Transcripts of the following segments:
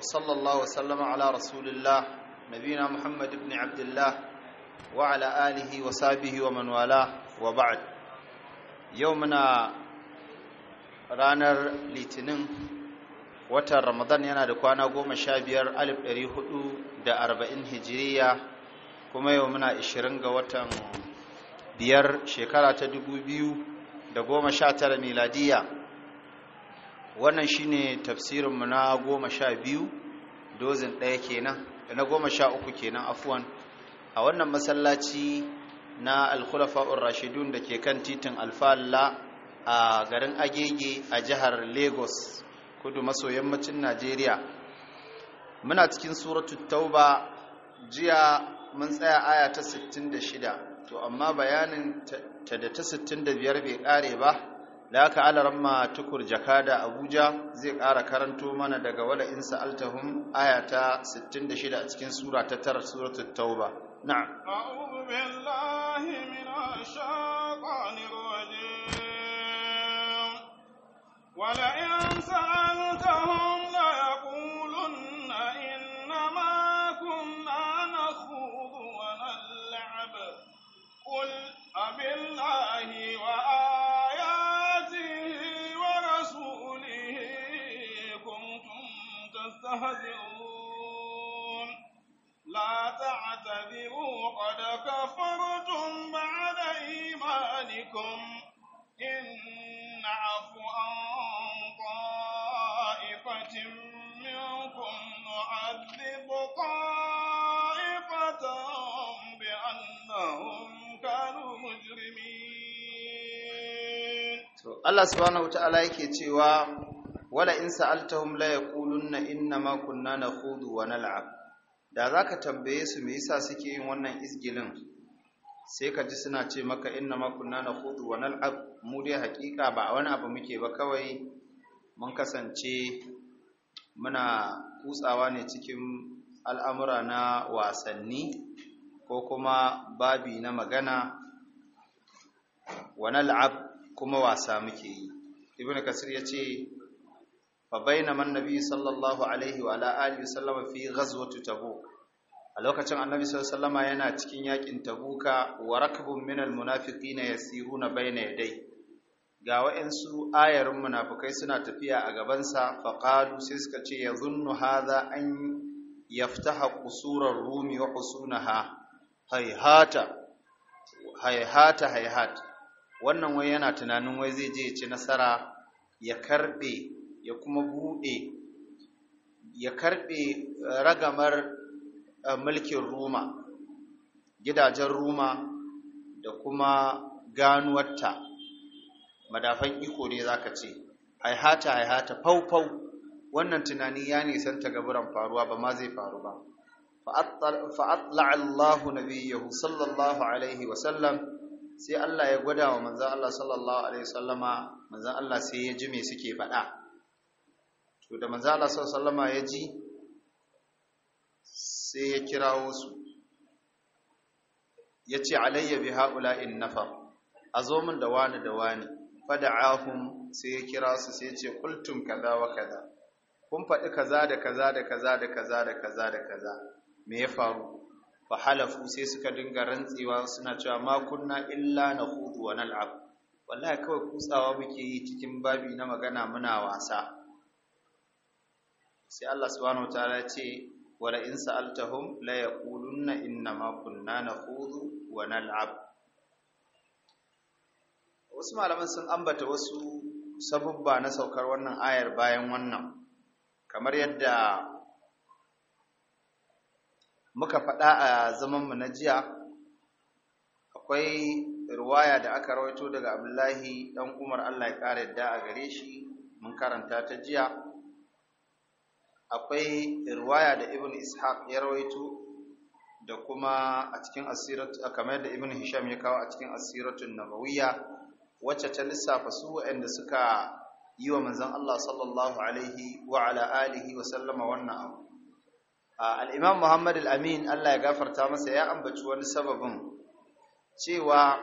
وصلى الله وسلم على رسول الله نبينا محمد بن عبد الله وعلى آله وصحبه ومن والاه وبعد يومنا ranar litinin watan ramadan yana da kwana goma sha biyar alif ɗari hudu da arba'in hijiriya kuma yau muna ishirin ga watan biyar shekara ta dubu biyu da goma sha tara miladiya wannan shine tafsirinmu na goma sha biyu dozin ɗaya kenan na goma sha uku kenan afuwan a wannan masallaci na alkhulafa'ur rashidun da ke kan titin alfalla a garin agege a jihar lagos kudu maso yammacin najeriya muna cikin suratu tauba jiya mun tsaya aya ta 66 to amma bayanin ta da ta 65 bai kare ba da aka alaramma tukur jakada abuja zai ƙara karanto mana daga wada in sa'altahum aya ta 66 a cikin sura ta tara suratul tauba na'am a'udhu لا تعتذروا قد كفرتم بعد إيمانكم إن نعف عن طائفة منكم نعذب طائفة بأنهم كانوا مجرمين الله سبحانه وتعالى يكي wala in sa'altahum la yaqulunna inna ma kunna nakhudu wa nal'ab da za ka tambaye su me yasa suke yin wannan izgilin sai ka ji suna ce maka inna kunna na hudu wa nal'ab mu dai hakika ba a wani abu muke ba kawai mun kasance muna kutsawa ne cikin al'amura na wasanni ko kuma babi na magana wa nal'ab kuma wasa muke yi ibn kasir ya ce فبينما النبي صلى الله عليه وعلى اله وسلم في غزوه تبوك a lokacin annabi sallallahu alaihi yana cikin yakin tabuka wa rakbun minal munafiqin yasiruna baina yaday ga wa'ansu ayarin munafikai suna tafiya a gaban sa faqalu sai suka ce yazunnu hadha an yaftaha qusurar rumi wa qusunaha hayhata hayhata hayhat wannan wai yana tunanin wai zai je ya ci nasara ya karbe ya kuma buɗe ya karɓe ragamar eh, mulkin Roma, gidajen Roma da kuma ganuwarta, madafan iko ne za ka ce, haihata haihata faufau wannan tunani ya nisanta gaburan faruwa ba ma zai faru ba. fa'atla Allahu sallallahu Alaihi wasallam sai Allah ya gwada wa manzan Allah sallallahu Alaihi wasallama manzan Allah sai ya ji me suke faɗa. to da manzo Allah sallallahu alaihi ya ji sai ya kirawo su yace alayya bi in nafar azo min da wani da wani ahun sai ya kira su sai ya ce qultum kaza wa kaza kun faɗi kaza da kaza da kaza da kaza da kaza da kaza me ya faru fa halafu sai suka dinga rantsewa suna cewa ma kunna illa hudu wa nal'ab wallahi kawai kutsawa muke yi cikin babi na magana muna wasa sai Allah subhanahu wataala ya ce wala in sa'altahum la yaqulunna inna ma kunna nakhudhu wa nal'ab wasu malaman sun ambata wasu sabubba na saukar wannan ayar bayan wannan kamar yadda muka faɗa a zaman mu na jiya akwai ruwaya da aka rawaito daga abdullahi dan umar allah ya ƙara yadda a gare shi mun karanta ta jiya akwai riwaya da ibn ishaq ya rawaito da kuma a cikin asirat kamar da ibn hisham ya kawo a cikin asiratun nabawiyya wacce ta lissafa su waɗanda suka yi wa manzon Allah sallallahu alaihi wa ala alihi wa sallama wannan abu al-imam Muhammad al-Amin Allah ya gafarta masa ya ambaci wani sababin cewa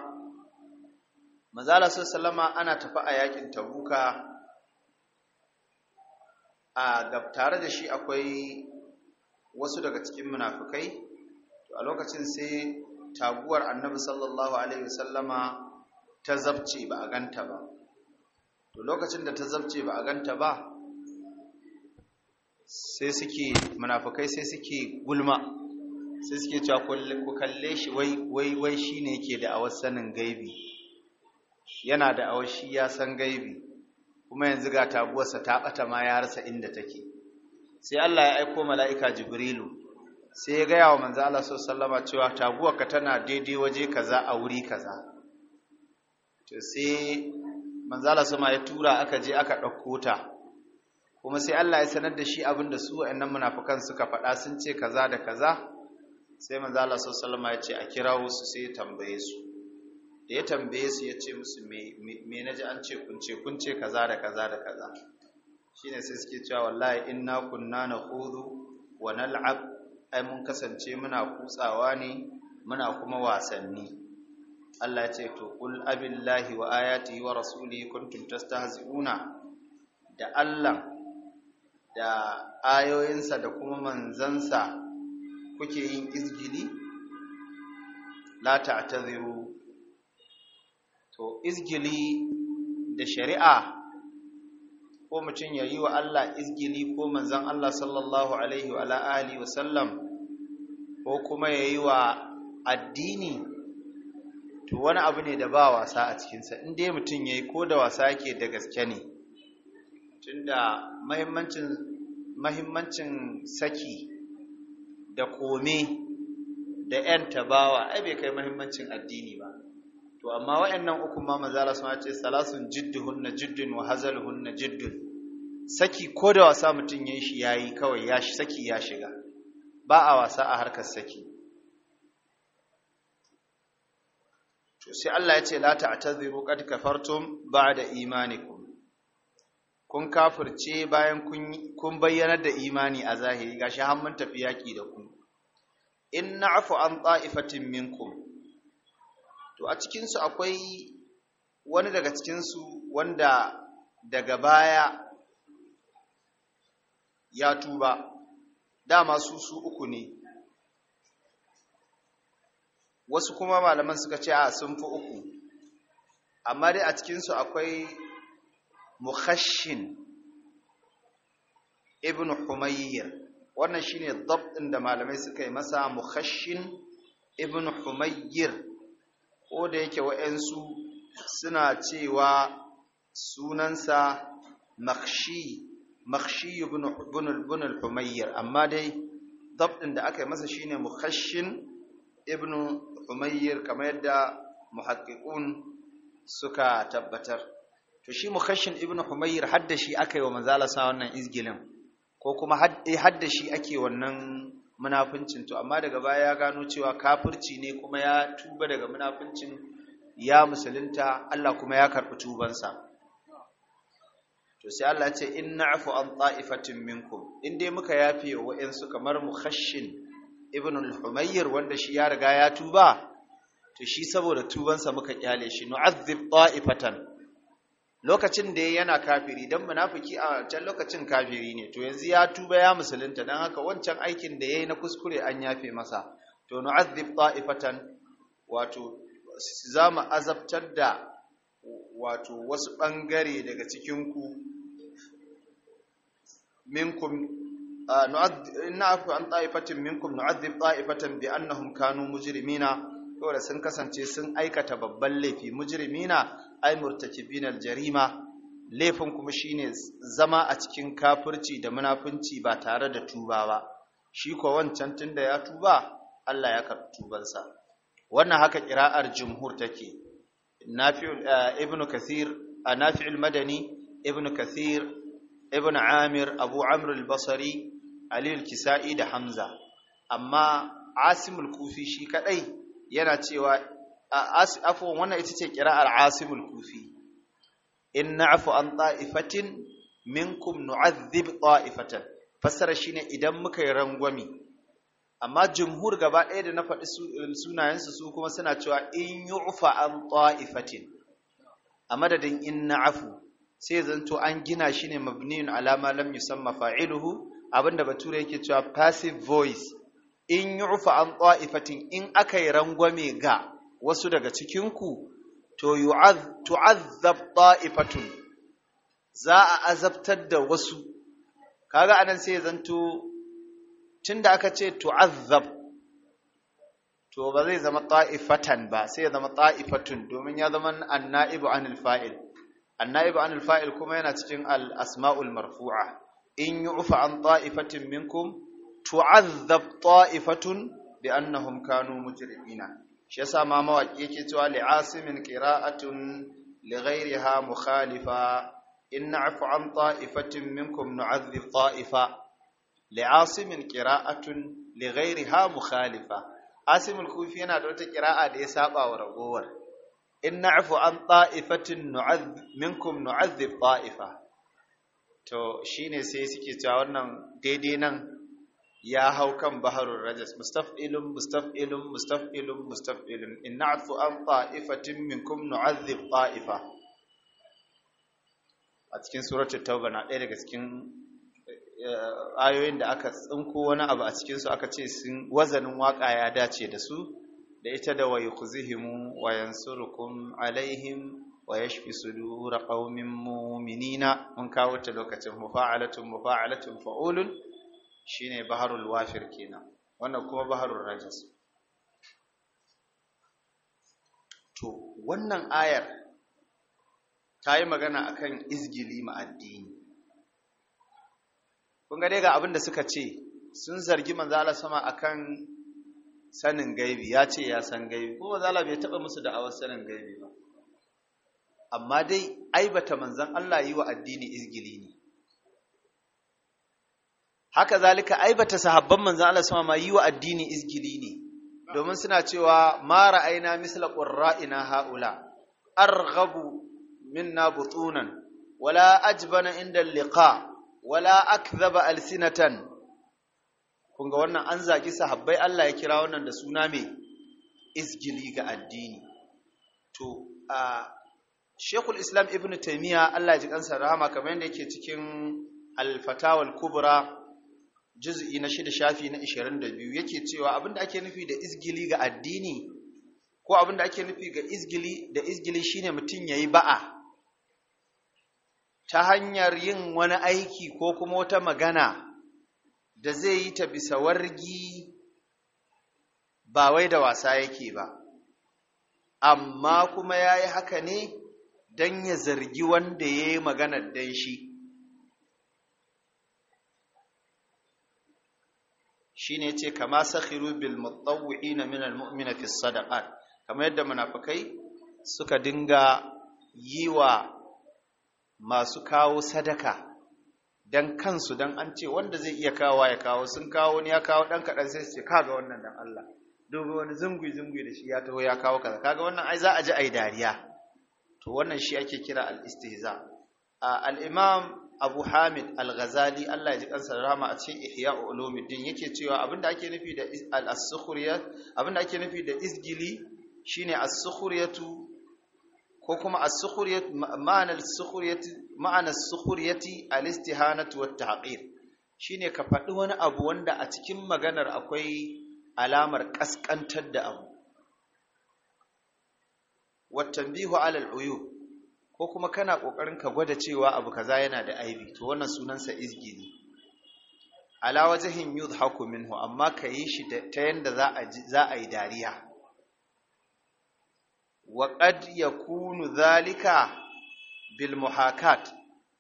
manzala sallama ana tafi a yakin tabuka a tare da shi akwai wasu daga cikin munafukai a lokacin sai taguwar annabi sallallahu alaihi wasallama ta zabce ba a ganta ba to lokacin da ta zabce ba a ganta ba sai suke munafukai sai suke gulma sai suke cewa ku kalle shi wai wai wai shine yake da awas sanin gaibi yana da awashi ya san gaibi kuma yanzu ga taguwarsa ta bata ma ya rasa inda take sai Allah ya aiko mala'ika Jibrilu sai ya gaya wa manzo Allah sallama cewa taguwarka tana daidai waje kaza a wuri kaza to sai manzo Allah sama ya tura aka je aka ɗauko ta kuma sai Allah ya sanar da shi abinda su wayannan munafikan suka faɗa sun ce kaza da kaza sai manzo Allah sallama ya ce a kirawo su sai tambaye su da ya tambaye su ya ce musu me na ji an ce kunce kunce kaza da kaza da kaza Shi ne sai suke cewa wallahi in na kunna na hudu, wa nal'ab ai mun kasance muna kutsawa ne muna kuma wasanni Allah ya ce to kul abillahi wa ayatihi wa rasulihi kuntum tastahzi'una da Allah da ayoyinsa da kuma manzansa kuke yin izgili la ta'tadhiru to izgili da shari'a ko mutum ya yi wa Allah izgili ko manzan Allah sallallahu Alaihi wa alihi wasallam ko kuma ya yi wa addini to wani abu ne da ba wasa a cikinsa in dai mutum ya yi ko da wasa ke da gaske ne da mahimmancin saki da kome da 'yan tabawa ai bai kai mahimmancin addini ba to amma waɗannan uku ma manzala sun ce salasun na jiddun wa na jiddun saki ko da wasa mutum yin shi yayi kawai ya saki ya shiga ba a wasa a harkar saki to sai Allah ya ce la ta'tadhiru qad kafartum ba'da imanikum kun kafirce bayan kun kun bayyanar da imani a zahiri gashi har mun tafi yaki da ku in na'fu an ta'ifatin minkum to a cikinsu akwai wani daga cikinsu wanda daga baya ya tuba dama su su uku ne wasu kuma malaman suka ce a sun fi uku amma dai a cikinsu akwai mukhashin ibn humayyir wannan shine dabtin da malamai suka yi masa mukhashin ibn humayyir ko da yake wa'yansu suna cewa sunansa makshi makshi ibn al-humayyar amma dai dabdin da aka yi masa shine mukhashin ibn humayyar kamar yadda muhaqqiqun suka tabbatar to shi mukhashin ibn humayyar haddashi aka yi wa manzala sa wannan izgilin ko kuma haddashi ake wannan munafuncin to amma daga baya ya gano cewa kafirci ne kuma ya tuba daga munafuncin ya musulunta Allah kuma ya karɓi tubansa to sai Allah ya ce in na'fu an ta'ifatin minkum in dai muka yafe wa wa'ansu kamar mukhashin ibn al-humayr wanda shi ya riga ya tuba to shi saboda tubansa muka kyale shi nu'azzib ta'ifatan lokacin da yana kafiri dan munafiki a can lokacin kafiri ne to yanzu ya tuba ya musulunta don haka wancan aikin da ya yi na kuskure an yafe masa to nu'adhib ta'ifatan wato zamu azabtar da wato wasu bangare daga cikin ku minkum afu an ta'ifatin minkum nu'adhib ta'ifatan bi annahum kanu mujrimina da sun kasance sun aikata babban laifi mujrimina ai murtakibin aljarima laifin kuma shine zama a cikin kafirci da munafunci ba tare da tuba ba shi ko wancan tunda ya tuba Allah ya karɓi tubansa wannan haka kira'ar jumhur take nafi'ul eh, ibnu kathir nafi'ul madani ibnu kathir ibnu amir abu amr al-basri ali al-kisai da hamza amma asim al-kufi shi kadai yana cewa afwan wannan ita ce kira asimul kufi in na'fu an ta'ifatin minkum nu'adhib ta'ifatan Fasara shine idan muka yi rangwami amma jumhur gaba ɗaya da na faɗi sunayensu su kuma suna cewa in yu'fa an ta'ifatin a madadin in afu sai zanto an gina shi ne mabniyun alama lam yusamma fa'iluhu abinda bature yake cewa passive voice in yu'fa an ta'ifatin in aka yi rangwame ga wasu daga cikinku to tu'azzab ta'ifatun za a azabtar da wasu kaga anan sai zanto tunda aka ce tu'azzab to ba zai zama ta'ifatan ba sai ya zama ta'ifatun domin ya zama annaibu anil fa'il annaibu anil fa'il kuma yana cikin al-asma'ul marfu'a in yu'fa an ta'ifatin minkum tu'azzab ta'ifatun bi annahum kanu mujrimina shi yasa ma mawaki yake cewa li'asimin qira'atun li ghayriha mukhalifa in afu an ta'ifatin minkum nu'adhib ta'ifa li'asimin qira'atun li ghayriha mukhalifa asimul kufi yana da wata qira'a da ya saba wa ragowar in na'fu an ta'ifatin nu'adh minkum nu'adhib ta'ifa to shine sai suke cewa wannan daidai nan ya hau kan baharun rajas mustaf'ilun mustaf'ilun mustaf'ilun mustaf'ilun in na'fu an ta'ifatin minkum nu'adhib ta'ifa a cikin suratul tauba na ɗaya daga cikin eh, ayoyin da aka tsinko wani abu a cikin su aka ce sun wazanin waka ya dace da su da ita da wa yukhzihim wa yansurukum alaihim wa yashfi sudur qaumin mu'minina mun kawo ta lokacin mufa'alatun mufa'alatun fa'ulun shine baharul wafir kenan wannan kuma baharul rajas to wannan ayar ta yi magana akan izgili ma'addini, addini kun ga dai ga abin da suka ce sun zargi manzala sama akan sanin gaibi ya ce ya san gaibi ko manzala bai taba musu da'awar sanin gaibi ba amma dai aibata manzan Allah yi wa addini izgili ne haka zalika aibata sahabban manzon Allah sama ma yi wa addini izgili ne domin suna cewa ma ra'ayna misla qurra'ina haula arghabu minna butunan wala ajbana inda liqa wala akdhaba alsinatan kun ga wannan an zagi sahabbai Allah ya kira wannan da suna mai izgili ga addini to a Sheikhul Islam Ibn Taymiyyah Allah ya ji kansa rahama kamar yadda yake cikin Al-Fatawa Al-Kubra juz'i na shida shafi na 22 yake cewa abinda ake nufi da izgili ga addini ko abinda ake nufi ga izgili da izgili shine mutum yayi ba'a ta hanyar yin wani aiki ko kuma wata magana da zai yi ta bisa wargi ba wai da wasa yake ba amma kuma yayi haka ne dan ya zargi wanda yayi maganar dan shi shine yace kama sakhiru bil mutawwi'ina min al mu'mina fi sadaqat kamar yadda munafikai suka dinga yi wa masu kawo sadaka dan kansu dan an ce wanda zai iya kawo ya kawo sun kawo ne ya kawo dan kadan sai su ce kaga wannan dan Allah dubi wani zungui zungui da shi ya taho ya kawo kaza kaga wannan ai za a ji ai dariya to wannan shi ake kira al-istihza al-imam abu hamid al-ghazali allah ya ji kansa Rama a cikin ihya ulumuddin yake cewa abinda ake nufi da al-sukhriyat abinda ake nufi da isgili shine as-sukhriyatu ko kuma as-sukhriyat ma'ana as-sukhriyat ma'ana as-sukhriyati al-istihanatu wat-tahqir shine ka faɗi wani abu wanda a cikin maganar akwai alamar kaskantar da abu wat-tanbihu ala al-uyub ko kuma kana ƙoƙarin ka gwada cewa abu kaza yana da aibi to wannan sunansa izgili ala wajhin yudhaku minhu amma ka yi shi ta yanda za a za a yi dariya wa qad yakunu zalika bil muhakat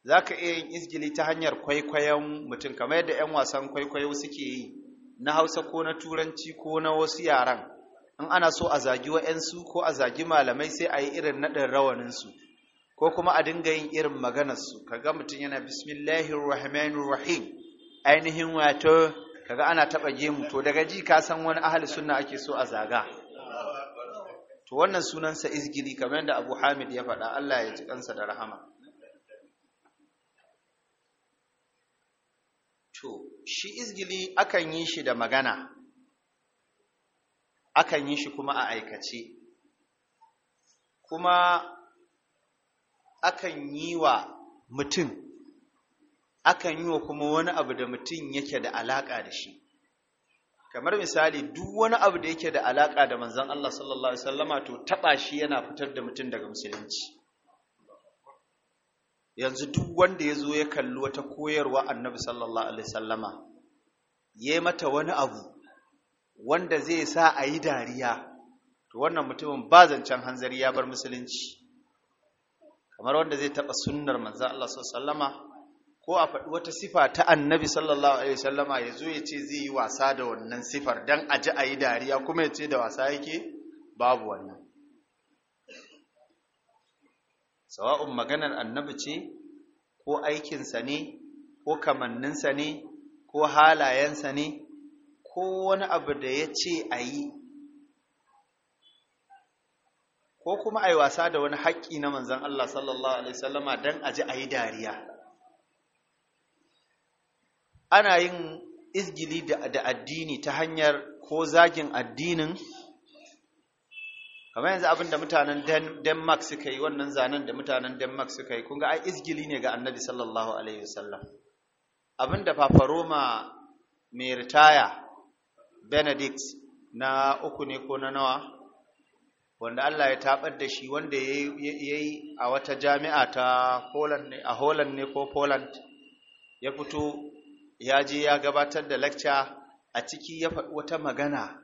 zaka iya yin izgili ta hanyar kwaikwayon mutum kamar yadda 'yan wasan kwaikwayo suke yi na Hausa ko na Turanci ko na wasu yaran in ana so a zagi wa'yansu ko a zagi malamai sai a yi irin naɗin rawaninsu ko kuma a dinga yin irin maganarsu kaga mutum yana bismillahir rahmanir rahim ainihin wato kaga ana taba gemu to daga ji ka san wani ahli sunna ake so a zaga to wannan sunansa izgiri kamar da Abu Hamid ya faɗa Allah ya ji kansa da rahama to shi izgili akan yi shi da magana akan yi shi kuma a aikace kuma akan yi wa mutum akan yi wa kuma wani abu da mutum yake da alaƙa da shi kamar misali duk wani abu da yake da alaƙa da manzan Allah sallallahu Alaihi wasallama to taɓa shi yana fitar da mutum daga musulunci yanzu duk wanda ya zo ya kalli wata koyarwa annabi sallallahu Alaihi wasallama ya mata wani abu wanda zai sa a yi dariya to wannan mutumin ba zancen hanzari ya bar musulunci kamar wanda zai taɓa sunnar manzo Allah sallama ko a faɗi wata sifa ta annabi sallallahu alaihi sallama ya ya ce zai yi wasa da wannan sifar don a ji a yi dariya kuma ya ce da wasa yake babu wannan sawa'un maganar annabi ce ko aikinsa ne ko kamanninsa ne ko halayensa ne ko wani abu da ya ce a yi ko kuma a yi wasa da wani haƙƙi na manzan Allah sallallahu Alaihi wasallama don a ji a yi dariya ana yin izgili da addini ta hanyar ko zagin addinin kamar yanzu abin da mutanen denmark suka yi wannan zanen da mutanen denmark suka yi kunga ai izgili ne ga annabi sallallahu alaihi wasallam abin da fafaroma mai ritaya benedict na uku ne ko na nawa wanda Allah ya taɓar da shi wanda ya yi a wata jami'a ta Poland ne a Holland ne ko Poland ya fito ya je ya gabatar da lecture a ciki ya faɗi wata magana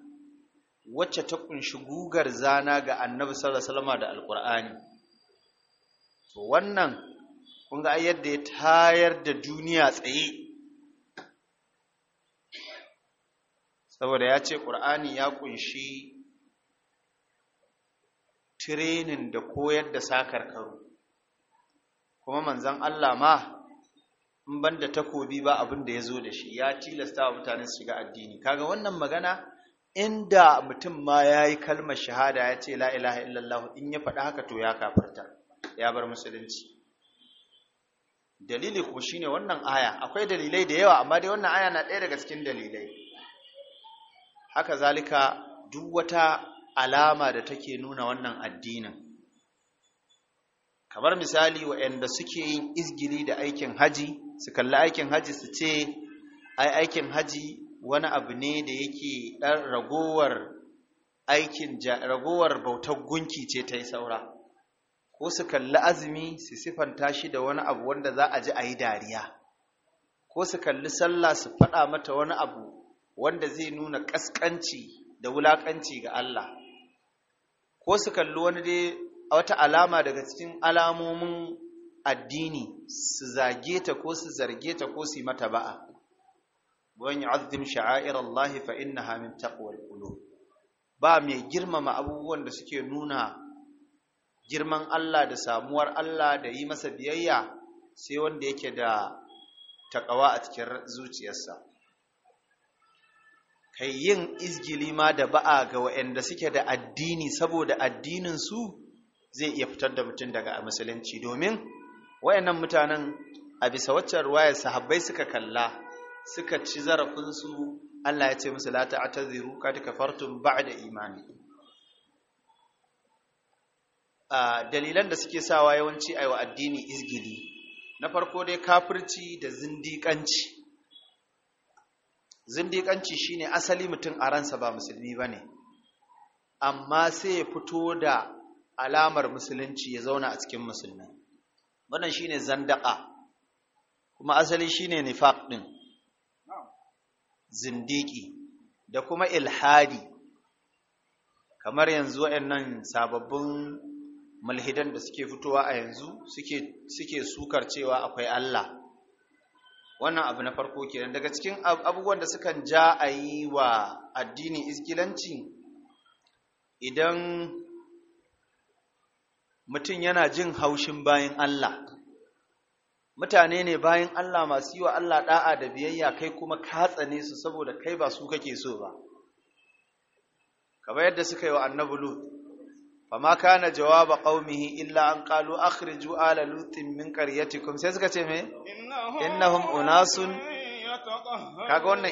wacce ta kunshi gugar zana ga Annabi sallallahu alaihi wasallam da Alƙur'ani to wannan kun ga yadda ya tayar da duniya tsaye saboda ya ce ƙur'ani ya kunshi tirenin da koyar da sakar karu kuma manzan Allah ma in ban da takobi ba abin da ya zo da shi ya tilasta wa mutane su shiga addini kaga wannan magana inda mutum ma ya yi kalmar shahada ya ce la ilaha illallah in ya faɗa haka to ya kafarta ya bar musulunci dalili ko ne wannan aya akwai dalilai da yawa amma dai wannan aya na ɗaya daga cikin dalilai haka zalika duk wata alama da take nuna wannan addinin kamar misali waɗanda suke yin izgili da aikin haji su kalli aikin haji su ce ai aikin haji wani abu ne da yake ɗan ragowar aikin ragowar bautar gunki ce ta yi saura ko su kalli azumi su sifanta shi da wani abu wanda za a ji a yi dariya ko su kalli sallah su faɗa mata wani abu wanda zai nuna ƙasƙanci da wulaƙanci ga Allah ko su kalli wani dai wata alama daga cikin alamomin addini su zage ta ko su zarge ta ko su yi mata ba'a wan yu'azzim sha'air Allah fa inna min taqwal ba mai girmama abubuwan da suke nuna girman Allah da samuwar Allah da yi masa biyayya sai wanda yake da taƙawa a cikin zuciyarsa kai yin izgili ma da ba'a ga waɗanda suke da addini saboda addinin su zai iya fitar da mutum daga musulunci domin wayannan mutanen a bisa waccan ruwayar sahabbai suka kalla suka ci zarafinsu Allah ya ce musu la ta'taziru qad kafartum ba'da imani a dalilan da suke sawa yawanci a wa addini izgili na farko dai kafirci da zindiƙanci zindiƙanci shine asali mutum a ransa ba musulmi ba ne amma sai ya fito da alamar musulunci ya zauna a cikin musulmi wannan shine zandaƙa. kuma asali shine nifaq ɗin. zindiki da kuma ilhadi kamar yanzu waɗannan sababbin mulhidan da suke fitowa a yanzu suke sukar cewa akwai Allah wannan abu na farko kenan daga cikin abubuwan da sukan ja a yi wa addini izgilanci idan mutum yana jin haushin bayan Allah mutane ne bayan Allah masu yi wa Allah ɗa'a da biyayya kai kuma ka ne su saboda kai ba su kake so ba kamar yadda suka yi wa annabi fama kana jawaba qaumihi illa an qalu akhriju ala lutin min qaryatikum sai suka ce me innahum wannan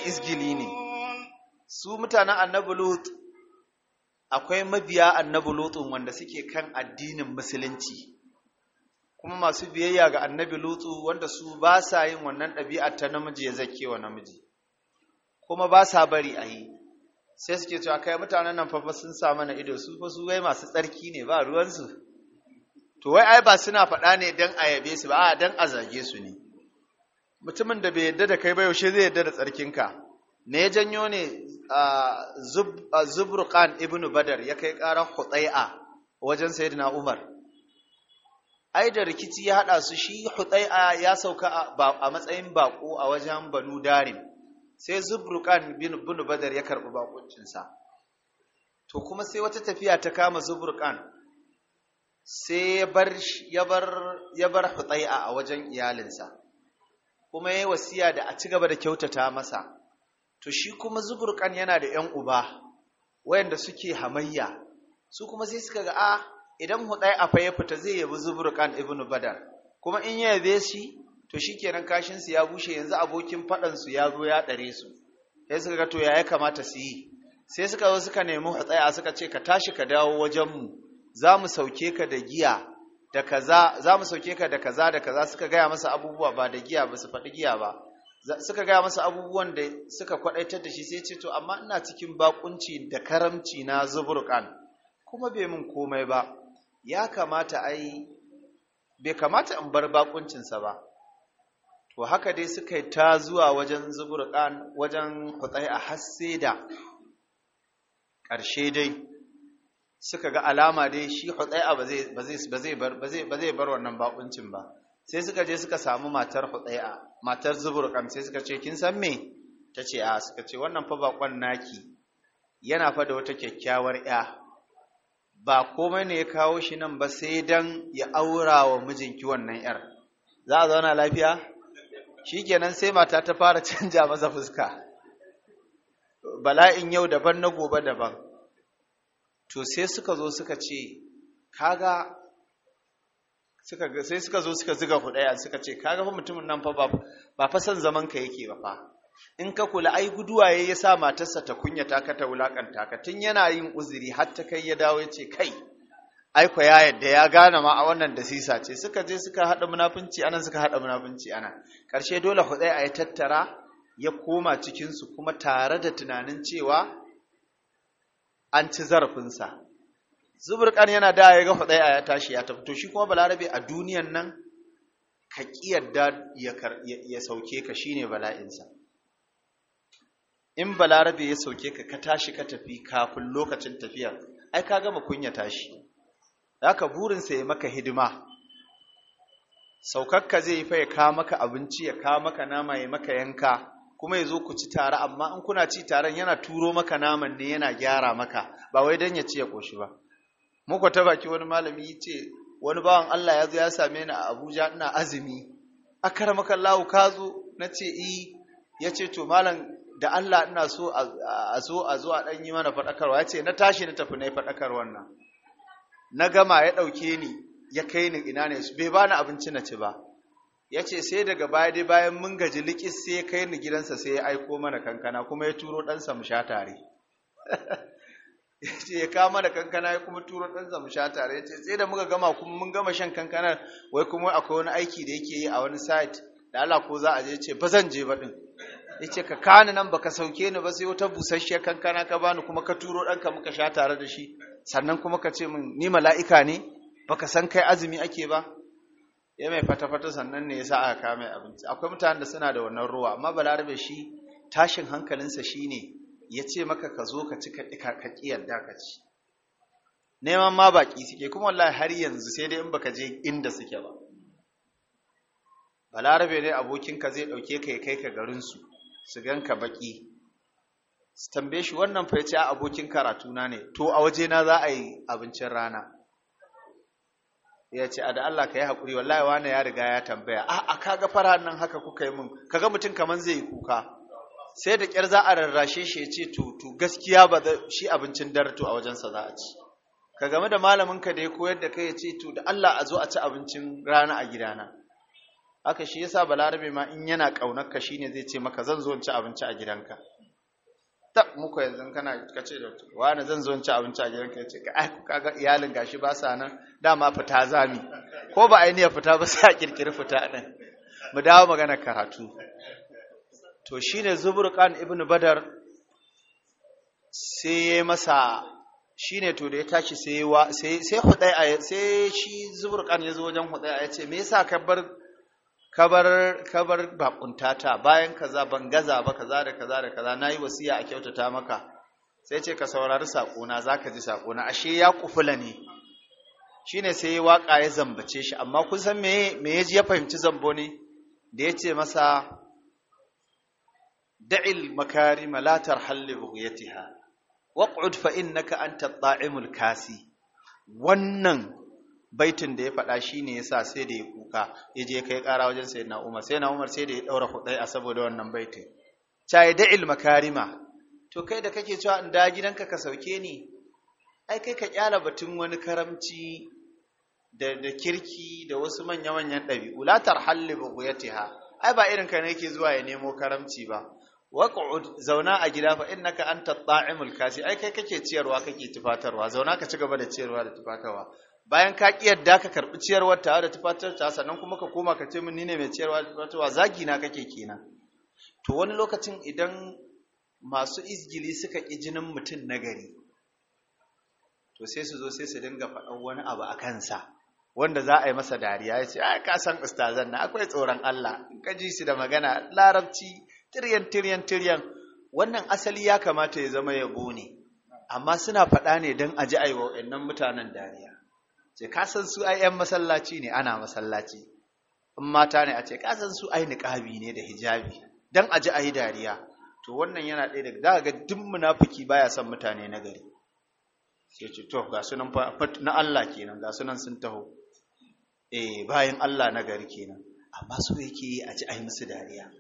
isgili ne su mutanen annabi lut akwai mabiya annabi Lutu wanda suke kan addinin musulunci kuma masu biyayya ga annabi lutu wanda su ba sa yin wannan ɗabi'ar ta namiji ya zake wa namiji kuma ba sa bari a yi sai suke cewa kai mutanen nan fafa sun sa mana ido su fa su wai masu tsarki ne ba ruwansu to wai ai ba suna faɗa ne dan a yabe su ba a dan a zage su ne mutumin da bai yadda da kai ba yaushe zai yadda da tsarkinka ne ya janyo ne a zubrukan ibnu badar ya kai ƙarar a wajen sayyidina umar ai da rikici ya haɗa su shi hutsai'a ya sauka a matsayin baƙo a wajen banu Darin. sai zubrukan bin badar ya karɓi bakuncinsa to kuma sai wata tafiya ta kama zubrukan sai ya bar ya bar a wajen iyalinsa kuma ya yayi wasiya da a ci gaba da kyautata masa to shi kuma zubrukan yana da ‘yan uba wayanda suke hamayya su kuma sai suka ga a ah, idan hudai a ya fita zai yabi zuburkan ibn badar kuma in ya yabe shi to shi kenan kashin su ya bushe yanzu abokin fadan su ya zo ya dare su sai suka ga to ya ya kamata su yi sai suka zo suka nemi tsaya suka ce ka tashi ka dawo wajen mu za mu sauke ka da giya da kaza za mu sauke ka da kaza da kaza suka gaya masa abubuwa ba da giya ba su faɗi giya ba suka gaya masa abubuwan da suka kwadaitar da shi sai ce to amma ina cikin bakunci da karamci na zuburkan kuma bai min komai ba ya kamata ai bai kamata in bar bakuncinsa ba to haka dai suka yi ta zuwa wajen zuburƙan wajen kutsai a hasse da ƙarshe dai suka ga alama dai shi a ba zai bar wannan bakuncin ba sai suka je suka samu matar a matar zuburƙan sai suka ce kin san me ta ce a ah, suka ce wannan fa bakon naki yana fa da wata kyakkyawar ya ba komai ne ya kawo shi nan ba sai dan ya aura wa mijinki wannan yar za a zauna lafiya Shi shikenan sai mata ta fara canja masa fuska bala'in yau daban na gobe daban to sai suka zo suka ce kaga sai suka zo suka ziga hudaya suka ce kaga fa mutumin nan fa ba fa san zaman ka yake ba fa in ka kula ai guduwa ya sa matarsa ta kunya ta ka ta wulakanta ka tun yana yin uzuri har ta kai ya dawo ya ce kai aiko ya yadda ya gane ma a wannan da sisa ce suka je suka haɗa munafunci anan suka haɗa munafunci anan ƙarshe dole hutsai a ya tattara ya koma cikinsu kuma tare da tunanin cewa an ci zarafinsa zuburkan yana da ya ga hutsai a ya tashi ya tafi to shi kuma balarabe a duniyan nan ka yadda ya sauke ka shine bala'insa in balarabe ya sauke ka ka tashi ka tafi kafin lokacin tafiyar ai ka gama kunya tashi Zaka burinsa ya maka hidima saukakka zai yi fa ya kawo maka abinci ya kawo maka nama ya maka yanka kuma ya zo ku ci tare amma in kuna ci taron yana turo maka naman ne yana gyara maka ba wai don ya ci ya ƙoshi ba muku ta baki wani malami ya ce wani bawan Allah ya zo ya same ni a Abuja ina azumi akara maka lawu ka zo na ce i eh. ya ce to malam da Allah ina so a zo a ɗan yi mana faɗakarwa ya ce na tashi na tafi na yi faɗakar wannan na gama ya ɗauke ni ya kai ni ina ne bai ba ni abinci na ci ba ya ce sai daga baya dai bayan mun gaji likis sai ya kai ni gidansa sai ya aiko mana kankana kuma ya turo ɗansa mu sha tare ya ce ya kama da kankana ya kuma turo ɗansa mu sha tare ya ce sai da muka gama kuma mun gama shan kankanar wai kuma akwai wani aiki da yake yi a wani site da Allah ko za a je ce ba zan je ba din ya ce ka kani nan baka sauke ni ba sai wata busasshiya kankana ka bani kuma ka turo ɗanka muka sha tare da shi sannan kuma ka ce min ni mala'ika ne baka san kai azumi ake ba ya mai fata-fata sannan ne ya sa aka kame abinci akwai mutanen da suna da wannan ruwa amma balarabe shi tashin hankalinsa shi ne ya ce maka ka zo ka ci ka ƙi yadda ka ci neman ma baƙi suke kuma wallahi har yanzu sai dai in baka je inda suke ba balarabe ne abokinka zai ɗauke ka ya kai ka garinsu su gan ka baƙi su tambaye shi wannan fa yace abokin karatuna ne to a waje na za a yi abincin rana ya ce a Allah ka yi haƙuri wallahi wane ya riga ya tambaya a a kaga fara nan haka kuka yi min kaga mutum kaman zai yi kuka sai da kyar za a rarrashe shi ya ce to to gaskiya ba shi abincin dare to a wajensa za a ci ka game da malamin ka da ya koyar da kai ya ce to da Allah a zo a ci abincin rana a gidana haka shi yasa balarabe ma in yana ƙaunar ka shine zai ce maka zan zo in ci abinci a gidanka tab muku yanzu kana ka ce da wani zan zo ci abinci a gidan ya ce ka kaga iyalin gashi ba sa nan dama fita zami ko ba ainihin fita ba sa a kirkiri fita din mu dawo magana karatu to shine zuburqan ibnu badar sai ya masa shine to da ya tashi sai sai hudai sai shi zuburqan ya zo wajen hudai ya ce me yasa ka bar kabar kabar bakuntata bayan kaza ban gaza ba kaza da kaza da kaza nayi wasiya a kyautata maka sai ce ka saurari sakona zaka ji sakona ashe ya kufula ne shine sai waka ya zambace shi amma kun san me me yaji ya fahimci zambo ne da yace masa da'il makarima la tarhal bughyatiha waq'ud fa innaka anta at-ta'imul kasi wannan baitin da ya faɗa shi ne ya sa sai da ya kuka ya je kai ƙara wajen sai na umar sai na umar sai da ya ɗaura kuɗai a saboda wannan baitin ta yi da'il makarima to kai da kake cewa in da gidanka ka sauke ni ai kai ka kyala batun wani karamci da da kirki da wasu manya-manyan ɗabi'u la tarhalli ha. ai ba irin ka ne yake zuwa ya nemo karamci ba waq'ud zauna a gida fa innaka anta ta'imul kasi ai kai kake ciyarwa kake tufatarwa zauna ka ci gaba da ciyarwa da tufatarwa bayan ka kiyarda ka karbi ciyarwar ta da tufatar ta sannan kuma ka koma ka ce min ni ne mai ciyarwa wa zagi na kake kenan to wani lokacin idan masu izgili suka ƙi jinin mutum nagari to sai su zo sai su dinga faɗan wani abu a kansa wanda za a yi masa dariya ya ce a ka san ustazan na akwai tsoron Allah in ka ji su da magana larabci tiryan tiryan tiryan wannan asali ya kamata ya zama yabo ne amma suna faɗa ne don a ji a yi wa mutanen dariya ce ka san su ai yan masallaci ne ana masallaci in mata ne a ce ka su ai niqabi ne da hijabi dan aji ayi dariya to wannan yana ɗaya daga za ga duk munafiki baya son mutane na gari sai ce to ga sunan na Allah kenan ga sunan sun taho eh bayan Allah na gari kenan amma so yake yi a ji ai musu dariya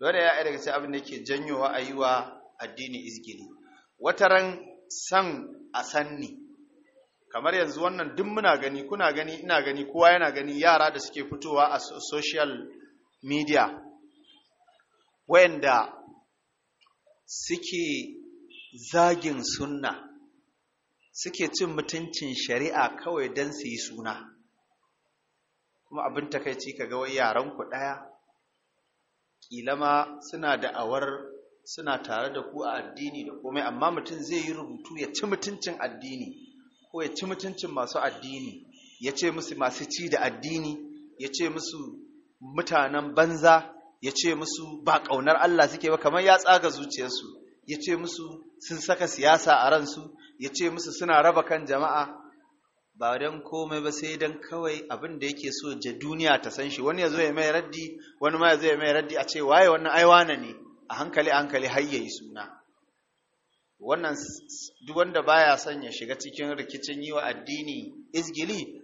dole ya daga cikin abin da yake janyowa a yi addini izgili wataran san a sanni kamar yanzu wannan duk muna gani kuna gani ina gani kowa yana gani yara da suke fitowa a social media wayanda suke zagin sunna suke cin mutuncin shari'a kawai don su yi suna kuma abin takaici ka wai yaran ku ɗaya Ƙilama suna da awar suna tare da ku a addini da komai amma mutum zai yi rubutu ya ci mutuncin addini ko ya ci mutuncin masu addini ya ce musu masu ci da addini ya ce musu mutanen banza ya ce musu ba ƙaunar Allah suke ba kamar ya tsaga zuciyarsu ya ce musu sun saka siyasa a ransu ya ce musu suna raba kan jama'a ba don komai ba sai don kawai abin da yake so ja duniya ta san shi wani ya zo ya mai raddi wani ma ya zo ya mai raddi a ce waye wannan aiwana ne a hankali hankali har yayi suna wannan duk wanda baya son ya shiga cikin rikicin yi wa addini izgili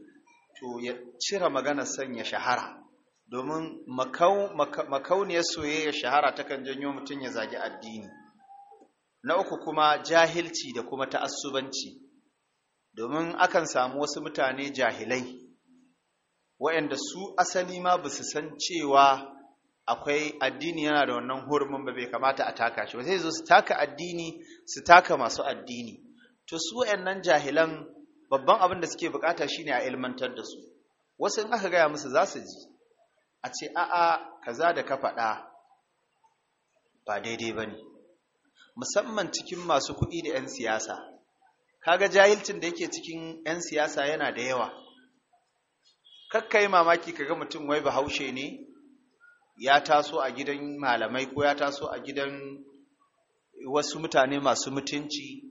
to ya cire maganar sanya shahara domin makauniyar soyayya shahara takan janyo mutum ya zagi addini na uku kuma jahilci da kuma ta'assubanci domin akan samu wasu mutane jahilai waɗanda su asali ma ba su san cewa akwai addini yana da wannan hurumin ba bai kamata a taka shi ba sai zo su taka addini su taka masu addini to su wayannan jahilan babban abin da suke bukata shine a ilmantar da su wasu in aka gaya musu za su ji a ce a'a kaza da ka faɗa ba daidai ba ne musamman cikin masu kuɗi da 'yan siyasa kaga jahilcin da yake cikin 'yan siyasa yana da yawa kakka yi mamaki kaga mutum wai bahaushe ne ya taso a gidan malamai ko ya taso a gidan wasu mutane masu mutunci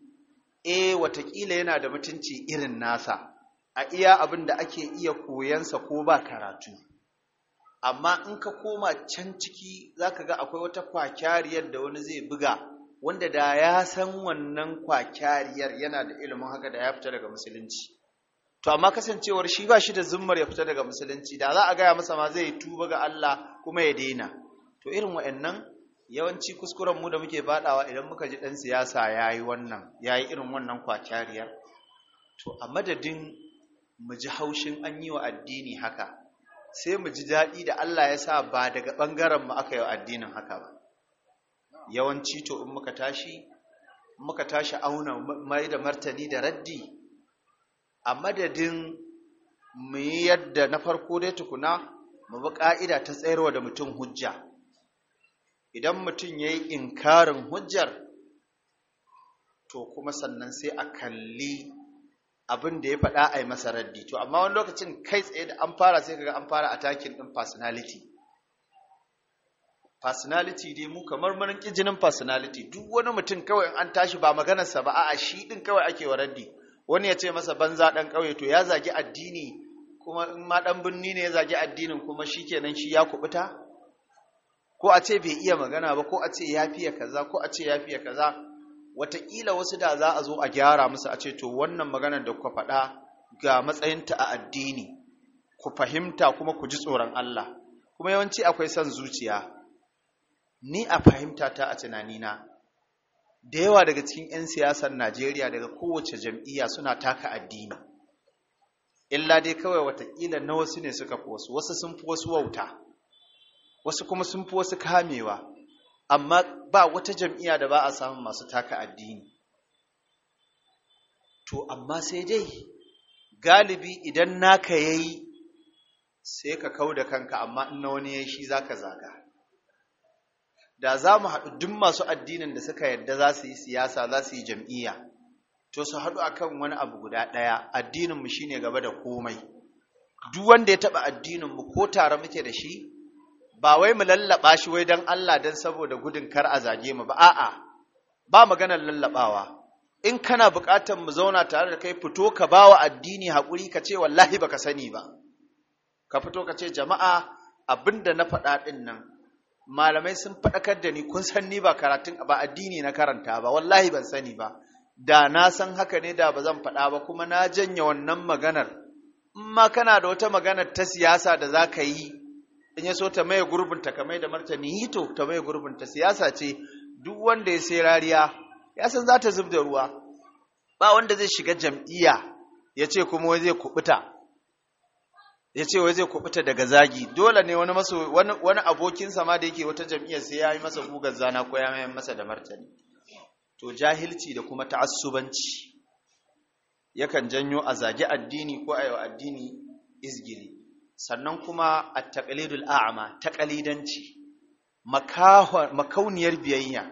eh watakila yana da mutunci irin nasa a iya abin da ake iya koyansa ko ba karatu amma in ka koma can ciki zaka ga akwai wata kwakyariyar da wani zai buga wanda da ya san wannan kwakyariyar yana da ilimin haka da ya fita daga musulunci to amma kasancewar shi ba shi da zummar ya fita daga musulunci da za a gaya masa ma zai tuba ga Allah kuma ya daina to irin wa'annan yawanci kuskuren mu da muke fadawa idan muka ji dan siyasa yayi wannan yayi irin wannan kwakyariyar to a madadin mu ji haushin an yi wa addini haka sai mu ji daɗi da Allah ya sa ba daga ɓangaren mu aka yi wa addinin haka ba yawanci to in muka tashi muka tashi auna mai da martani da raddi a madadin mu yi yadda na farko dai tukuna mu bi ƙa'ida ta tsayarwa da mutum hujja idan mutum ya yi inkarin hujjar to kuma sannan sai a kalli abin da ya faɗa a yi masa raddi to amma wani lokacin kai tsaye da an fara sai kaga an fara takin ɗin personality personality dai mu kamar marin ƙijinin duk wani mutum kawai an tashi ba maganarsa ba a'a shi ɗin kawai ake wa raddi wani ya ce masa banza ɗan ƙauye to ya zagi addini kuma in ma dan binni ne ya zagi addinin kuma shikenan shi ya kubuta ko a ce bai iya magana ba ko a ce ya kaza ko a ce ya fiye kaza wataƙila wasu da za a zo a gyara musu a ce to wannan maganar da kuka faɗa ga matsayinta a addini ku fahimta kuma ku ji tsoron Allah kuma yawanci akwai son zuciya ni a fahimta ta a tunanina da yawa daga cikin 'yan siyasar Najeriya daga kowace jam'iyya suna taka addini illa dai kawai watakila na wasu ne suka fi wasu wasu sun fi wasu wauta wasu kuma sun fi wasu kamewa amma ba wata jam'iyya da ba a samun masu taka addini to amma sai dai galibi idan naka yayi sai ka kau da kanka amma in na wani yayi shi ka zaga da za mu haɗu duk masu addinin da suka yarda za su yi siyasa za su yi jam'iyya to su haɗu kan wani abu guda ɗaya addininmu shi ne gaba da komai duk wanda ya taɓa addininmu ko tare muke da shi ba wai mu lallaɓa shi wai don Allah don saboda gudun kar a zage mu ba a'a ba maganar lallaɓawa in kana buƙatar mu zauna tare da kai fito ka ba wa addini haƙuri ka ce wallahi baka sani ba ka fito ka ce jama'a abinda na faɗa ɗin nan malamai sun faɗakar da ni kun san ni ba karatun ba addini na karanta ba wallahi ban sani ba da na san haka ne da ba zan faɗa ba kuma na janya wannan maganar in ma kana da wata maganar ta siyasa da za ka yi in ya so ta maye gurbinta ka mai da martani hito ta maye gurbinta siyasa ce duk wanda ya sai rariya ya san za ta zub da ruwa ba wanda zai shiga jam'iyya ya ce kuma wai zai kubuta ya ce wai zai kubuta daga zagi dole ne wani maso wani abokinsa ma da yake wata jam'iyyar sai ya yi masa gugar zana ko ya mayar masa da martani to jahilci da kuma ta'assubanci yakan janyo a zagi addini ko a addini izgili sannan kuma a taƙalidul a'ama taƙalidanci makauniyar biyayya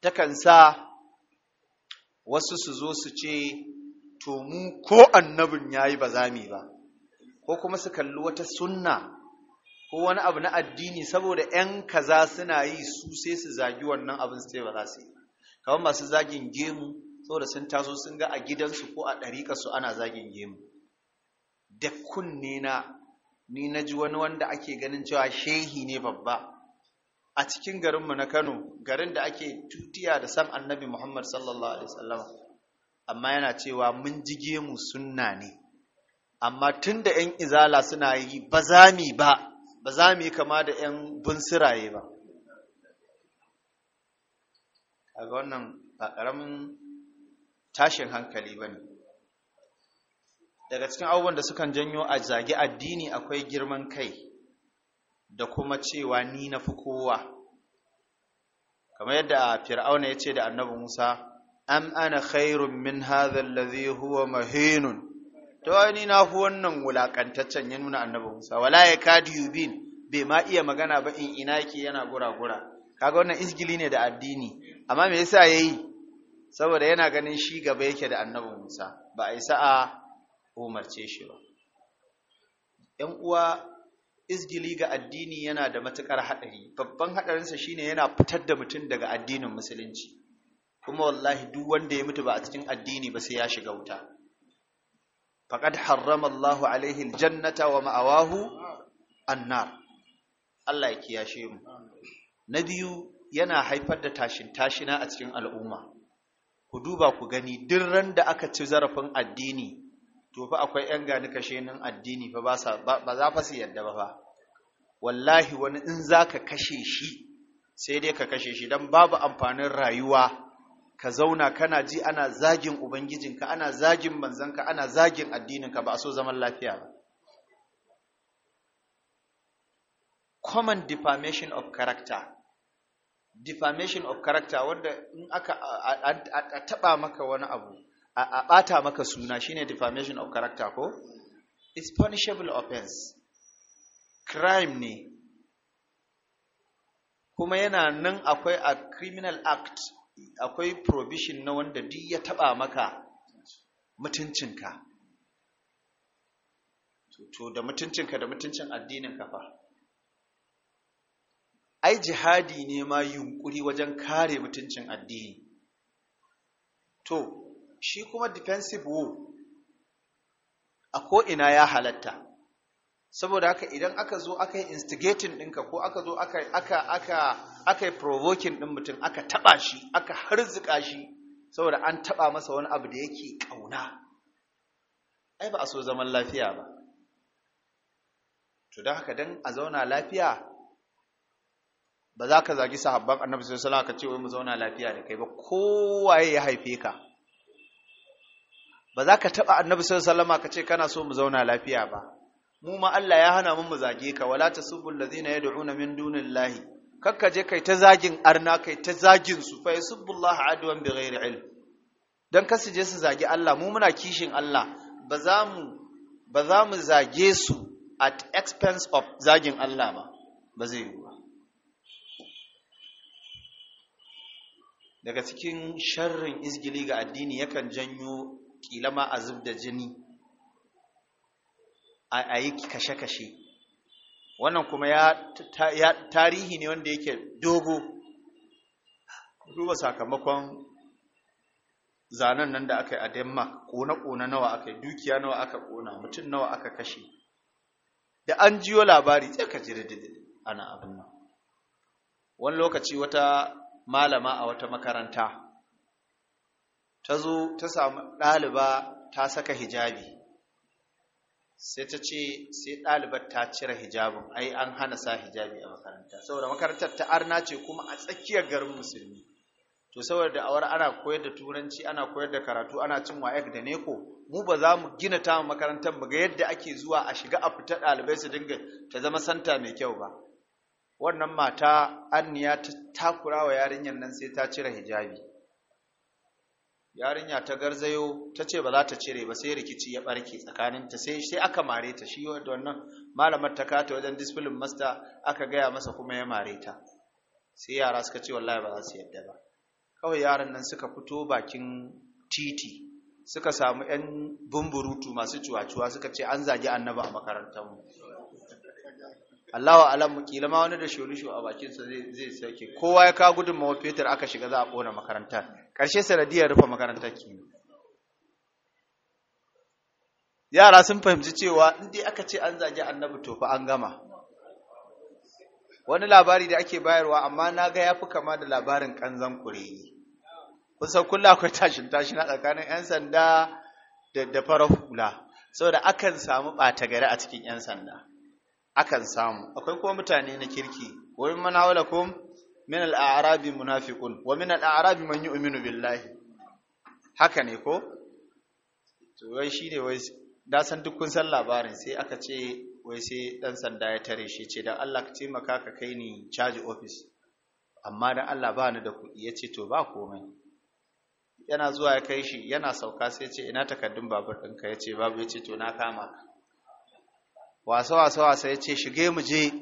takan sa wasu su zo su ce to mu ko annabin yayi ba za mu ba ko kuma su kalli wata sunna ko wani abu na addini saboda 'yan kaza suna yi su sai su zagi wannan abin su ce ba za su yi kamar masu zagin gemu da sun taso sun ga a gidansu ko a ɗariƙarsu ana zagin gemu da kunne na ni na ji wani wanda ake ganin cewa shehi ne babba a cikin garinmu na kano garin da ake tutiya da san annabi muhammad sallallahu alaihi amma yana cewa mun ji gemu sunna ne amma tun da 'yan izala suna yi ba za ba yi kama da 'yan bunsiraye ba kaga wannan ba ƙaramin tashin hankali ba ne daga cikin abubuwan da sukan janyo a zagi addini akwai girman kai da kuma cewa ni na fi kowa kamar yadda fir'auna ya ce da annabi musa am ana khairun min hadha alladhi huwa mahinun to ni na fi wannan wulakantaccen ya nuna annabi musa wala ya kadi yubin bai ma iya magana ba in ina yake yana gura-gura kaga wannan isgili ne da addini amma me yasa yayi saboda yana ganin shi gaba yake da annabi Musa ba a isa a umarce shi ba ‘yan uwa isgili ga addini yana da matukar haɗari babban sa shine yana fitar da mutum daga addinin musulunci kuma wallahi duk wanda ya mutu ba a cikin addini ba sai ya shiga wuta faqad harrama Allahu alaihi aljannata wa ma'awahu annar Allah ya kiyashe mu na biyu yana haifar da tashin tashina a cikin al'umma ku duba ku gani duk ran da aka ci zarafin addini to fa akwai ƴan gani nan addini fa ba ba za fa yadda ba fa wallahi wani in zaka kashe shi sai dai ka kashe shi dan babu amfanin rayuwa ka zauna kana ji ana zagin ubangijinka ana zagin manzanka ana zagin addininka ba a so zaman lafiya ba common defamation of character defamation of character wanda in aka a taba maka wani abu a bata maka suna shine defamation of character ko it's punishable offense crime ne kuma yana nan akwai a criminal act akwai provision na wanda duk ya taba maka mutuncinka to da mutuncinka da mutuncin ka fa ai jihadi ne ma yunkuri wajen kare mutuncin addini to shi kuma defensive war a ko ina ya halatta saboda haka idan aka zo aka yi instigating ɗinka ko aka zo aka aka aka aka yi provoking ɗin mutum aka taɓa shi aka harzuka shi saboda an taɓa masa wani abu da yake ƙauna ai ba a so zaman lafiya ba to don haka don a zauna lafiya ba za ka zagi sahabban annabi sallallahu alaihi ka ce wai mu zauna lafiya da kai ba kowaye ya haife ka ba za ka taba annabi sallallahu alaihi ka ce kana so mu zauna lafiya ba mu ma Allah ya hana mun mu zage ka wala tasubul ladina yad'una min dunillahi kakka je kai ta zagin arna kai ta zagin su fa yasubullahu adwan bighairi ilm dan su je su zagi Allah mu muna kishin Allah ba za mu ba za mu zage su at expense of zagin Allah ba ba zai yi ba daga cikin sharrin izgili ga addini yakan janyo kilama a zub da jini a yi kashe-kashe wannan kuma ya tarihi ne wanda yake dogo duba sakamakon zanen nan da aka yi a denmark kone-kone nawa aka yi dukiya nawa aka kona mutum nawa aka kashe da an jiyo labari sai da ana abin nan wani lokaci wata malama a wata makaranta ta zo ta samu ɗaliba ta saka hijabi sai ta ce sai ɗalibar ta cire hijabin ai an hana sa hijabi a makaranta saboda makarantar ta arna ce kuma a tsakiyar garin musulmi to saboda awar ana koyar da turanci ana koyar da karatu ana cin wayek da neko mu ba za mu gina ta makarantar mu ga yadda ake zuwa a shiga a fita ɗalibai su dinga ta zama santa mai kyau ba wannan mata anniya ta takura wa yarinyar nan sai ta cire hijabi yarinya ta garzayo ta ce ba za ta cire ba sai rikici ya barke tsakaninta sai sai aka mare ta shi wannan malamar ta kata wajen discipline master aka gaya masa kuma ya mare ta sai yara suka ce wallahi ba za su yadda ba kawai yaran nan suka fito bakin titi suka samu 'yan bumburutu masu cuwa-cuwa suka ce an zagi annaba a makarantar mu Allahu alam kila ma wani da sholisho a bakin sa zai zai sake kowa ya gudun gudunmawa fetur aka shiga za a kona makarantar karshe sanadiyar rufe makarantar ki yara sun fahimci cewa in dai aka ce an zage annabi to fa an gama wani labari da ake bayarwa amma na ga yafi kama da labarin kanzan kureyi kusan kullum akwai tashin tashin na tsakanin 'yan sanda da da farar hula saboda akan samu ɓata gari a cikin 'yan sanda akan samu akwai kuma mutane na kirki wa min man hawlakum min al-a'rabi munafiqun wa min al-a'rabi man yu'minu billahi haka ne ko to wai shine wai da san duk san labarin sai aka ce wai sai dan sanda ya tare shi ce dan Allah ka taimaka ka kai ni charge office amma dan Allah ba ni da kuɗi yace to ba komai yana zuwa ya kai shi yana sauka sai ce ina takaddun babur ɗinka yace babu yace to na kama ka wasa wasa wasa ya ce shige mu je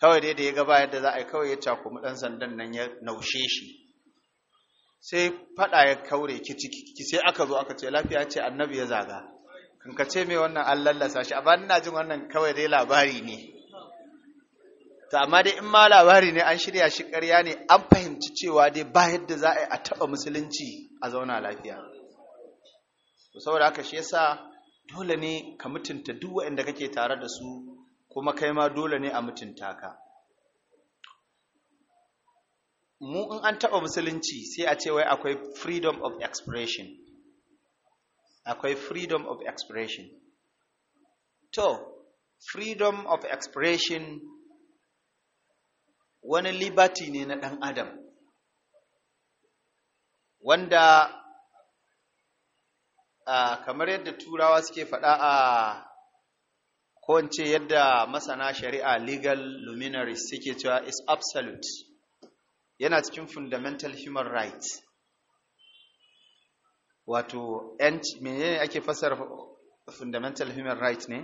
kawai dai da ya gaba yadda za a yi kawai ya cakumi ɗan sandan nan ya naushe shi sai faɗa ya kaure kici sai aka zo aka ce lafiya ce annabi ya zaga kankace mai wannan an lallasa shi amma ina jin wannan kawai dai labari ne ta amma dai in ma labari ne an shirya shi ƙarya ne an fahimci cewa dai ba yadda za a yi a taɓa musulunci a zauna lafiya saboda haka shi yasa dole ne ka mutunta duk waɗanda kake tare da su kuma kai ma dole ne a mutunta ka mu in an taɓa musulunci sai a ce wai akwai freedom of expression akwai freedom of expression to freedom of expression wani liberty ne na ɗan adam wanda kamar yadda turawa suke faɗa a ko yadda masana shari'a legal luminaries suke cewa is absolute yana cikin fundamental human rights wato menene ake fasar fundamental human rights ne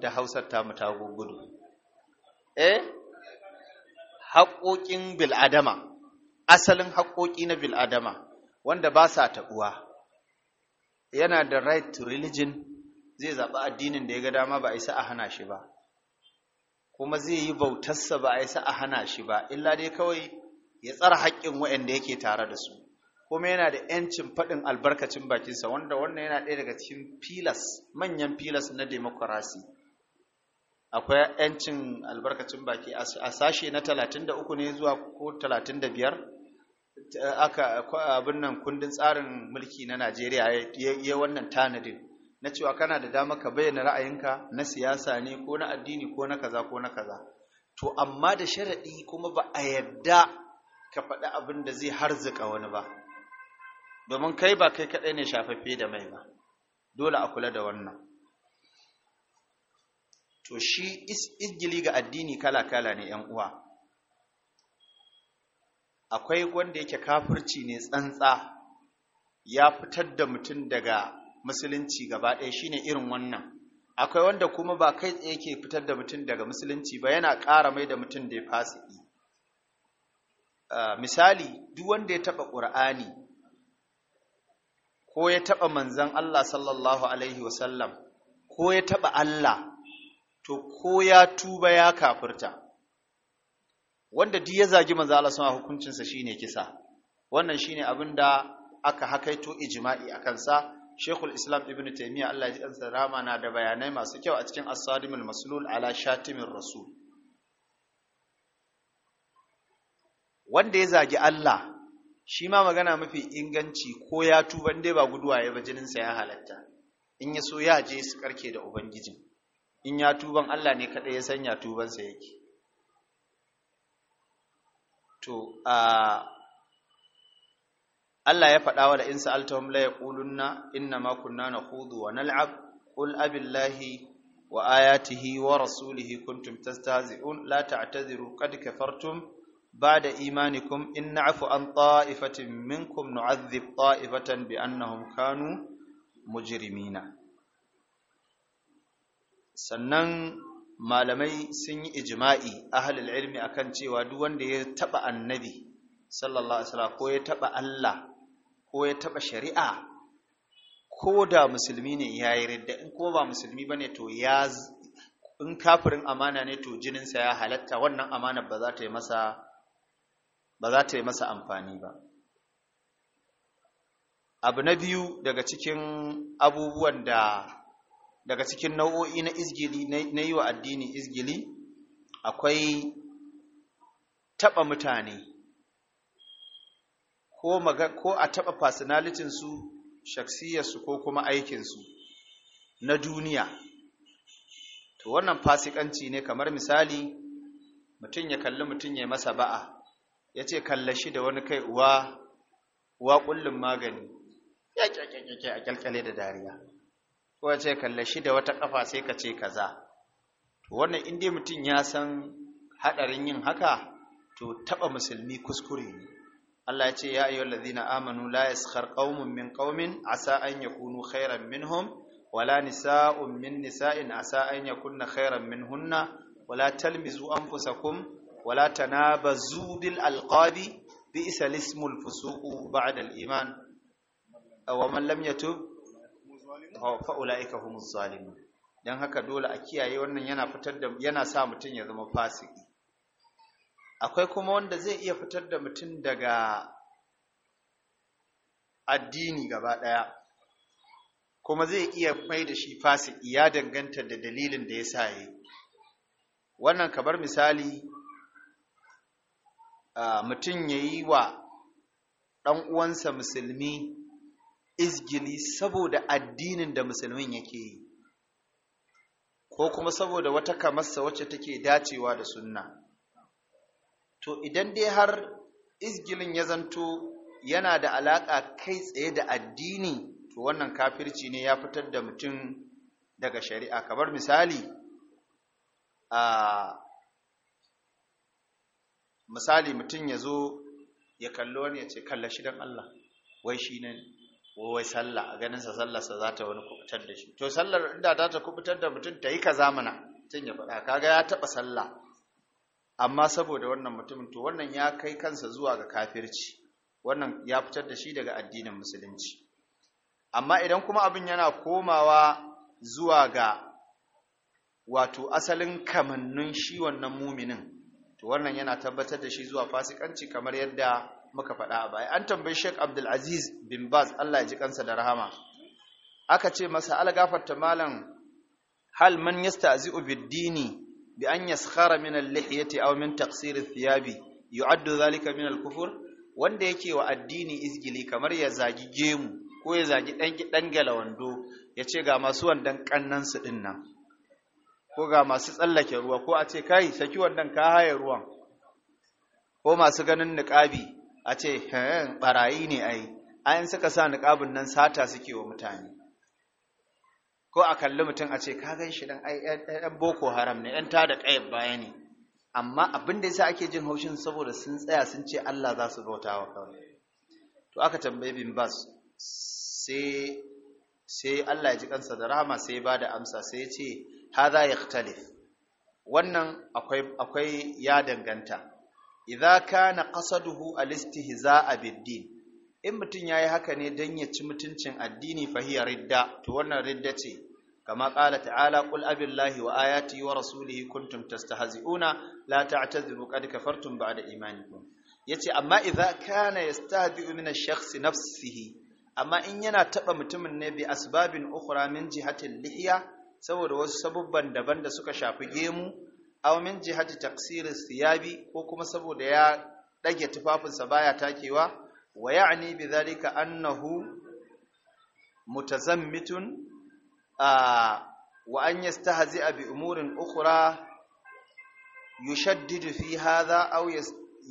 da hausar ta ta gudu eh haƙoƙin bil'adama asalin haƙoƙi na bil'adama wanda ba sa taɓuwa yana da right to religion zai zaɓi addinin da ya ga dama ba a isa a hana shi ba kuma zai yi bautarsa ba a isa a hana shi ba illa dai kawai ya tsara haƙƙin waɗanda yake tare da su kuma yana da ‘yancin faɗin albarkacin bakinsa wanda wannan yana ɗaya daga cikin filas manyan filas na demokarasi akwai ‘yancin albarkacin baki a sashe na 33 ne zuwa ko talatin da biyar? aka abin nan kundin tsarin mulki na Najeriya ya wannan tanadin na cewa kana da dama ka bayyana ra'ayinka na siyasa ne ko na addini ko na kaza ko na kaza to amma da sharaɗi kuma ba a yadda ka faɗi abin da zai harzuka wani ba domin kai ba kai kaɗai ne shafaffe da mai ba dole a kula da wannan to shi isgili ga addini kala-kala ne ‘yan uwa’ akwai wanda yake kafirci ne tsantsa ya fitar da mutum daga musulunci gaba ɗaya shine irin wannan akwai wanda kuma ba kai tsaye ke fitar da mutum daga musulunci ba yana ƙara mai da mutum da ya fasiki misali duk wanda ya taɓa ƙur'ani ko ya taɓa manzan Allah sallallahu alaihi wasallam ko ya taɓa Allah to ko ya tuba ya kafirta wanda duk ya zagi manzo Allah sama hukuncinsa shine kisa wannan shine abin da aka hakaito ijma'i akan sa Sheikhul Islam Ibn Taymiyyah Allah ya ji ansa rama na da bayanai masu kyau a cikin As-Sadimul Maslul ala Shatimir Rasul wanda ya zagi Allah shi ma magana mafi inganci ko ya tuba dai ba guduwa ya ba jininsa ya halatta in ya so ya je su karke da ubangijin in ya tuban Allah ne kaɗai ya sanya tubansa yake to a Allah ya faɗa wa da in sa'altahum la yaqulunna inna ma kunna nakhudu wa nal'ab qul abillahi wa ayatihi wa rasulihi kuntum tastahzi'un la ta'tadhiru qad kafartum ba'da imanikum in na'fu an ta'ifatin minkum nu'adhib ta'ifatan bi annahum kanu mujrimina sannan malamai sun yi ijma'i ahlul ilmi akan cewa duk wanda ya taba annabi sallallahu alaihi wasallam ko ya taba Allah ko ya taba shari'a ko da musulmi ne ya yi ridda in kuma ba musulmi bane to ya in kafirin amana ne to jininsa ya halatta wannan amana ba za ta yi masa ba za ta yi masa amfani ba abu na biyu daga cikin abubuwan da daga cikin nau'o'i na izgili na yi wa addini izgili akwai taɓa mutane ko, a taɓa personalitinsu shaksiyarsu ko kuma aikinsu na duniya to wannan fasikanci ne kamar misali mutum ya kalli mutum ya masa ba'a ya ce shi da wani kai uwa kullum magani ya kyakkyake a da dariya ko ya ce kalle shi da wata kafa sai ka ce kaza to wannan in dai mutum ya san haɗarin yin haka to taɓa musulmi kuskure ne Allah ya ce ya ayyuhal Ladina amanu la yaskhar qaumun min qaumin asa an yakunu khairan minhum wala nisa'un min nisa'in asa an yakunna khairan minhunna wala talmizu anfusakum wala tanabazu bil alqabi bi ismul fusuqu ba'da al iman wa man lam yatub fa'ula'ika humus zalimun don haka dole a kiyaye wannan yana fitar da yana sa mutum ya zama fasiki akwai kuma wanda zai iya fitar da mutum daga addini gaba ɗaya kuma zai iya mai da shi fasiki ya danganta da dalilin da ya sa yi wannan kamar misali ah, mutum ya yi wa ɗan uwansa musulmi izgili saboda addinin da musulmin yake yi ko kuma saboda wata kamarsa wacce take dacewa da sunna to idan dai har izgilin ya zanto yana da alaƙa kai tsaye da addini to wannan kafirci ne ya fitar da mutum daga shari'a kamar misali a misali mutum ya zo ya kallo wani ya ce kalla shi don Allah wai shi ne wai sallah a ganin sa za ta wani kubutar da shi to sallar inda za ta kubutar da mutum tayi yi kaza mana tun ya faɗa kaga ya taba sallah amma saboda wannan mutumin to wannan ya kai kansa zuwa ga kafirci wannan ya fitar da shi daga addinin musulunci amma idan kuma abin yana komawa zuwa ga wato asalin kamannin shi wannan muminin to wannan yana tabbatar da shi zuwa fasikanci kamar yadda muka faɗa a baya an tambayi Sheikh Abdulaziz bin Baz Allah ya ji kansa da rahama aka ce masa algafarta malam hal man yasta'zi'u bid-dini bi an yaskhara min al-lihyati aw min taqsir al thiyabi yu'addu dhalika min al-kufr wanda yake wa addini izgili kamar ya zagi gemu ko ya zagi dan dan wando ya ce ga masu wandan kannan su din ko ga masu tsallake ruwa ko a ce kai saki wandan ka haye ruwan ko masu ganin niqabi a ce barayi ne ai ayan suka sa niƙabin nan sata suke wa mutane ko a kalli mutum a ce ka gan shi dan ai boko haram ne ɗan tada ƙayyar baya ne amma abin da yasa ake jin haushin saboda sun tsaya sun ce Allah za su bauta wa kawai to aka tambaye bin bas sai Allah ya ji kansa da rahama sai ya bada amsa sai ya ce hadha yahtalif wannan akwai ya danganta idza kana qasaduhu al-istihza'a bid-din in mutun yayi haka ne dan ya ci mutuncin addini fa hiya ridda to wannan ridda ce kama qala ta'ala qul abillahi wa ayati wa rasulihi kuntum tastahzi'una la ta'tadhiru qad kafartum ba'da imanikum yace amma idza kana yastahzi'u min ash-shakhs nafsihi amma in yana taba mutumin ne bi asbabin ukhra min jihati al saboda wasu sabubban daban da suka shafi gemu aw min jihati taqsiri siyabi ko kuma saboda ya dage tufafinsa baya takewa wa ya'ni bidhalika annahu mutazammitun wa an yastahzi'a bi umurin ukhra yushaddidu fi hadha aw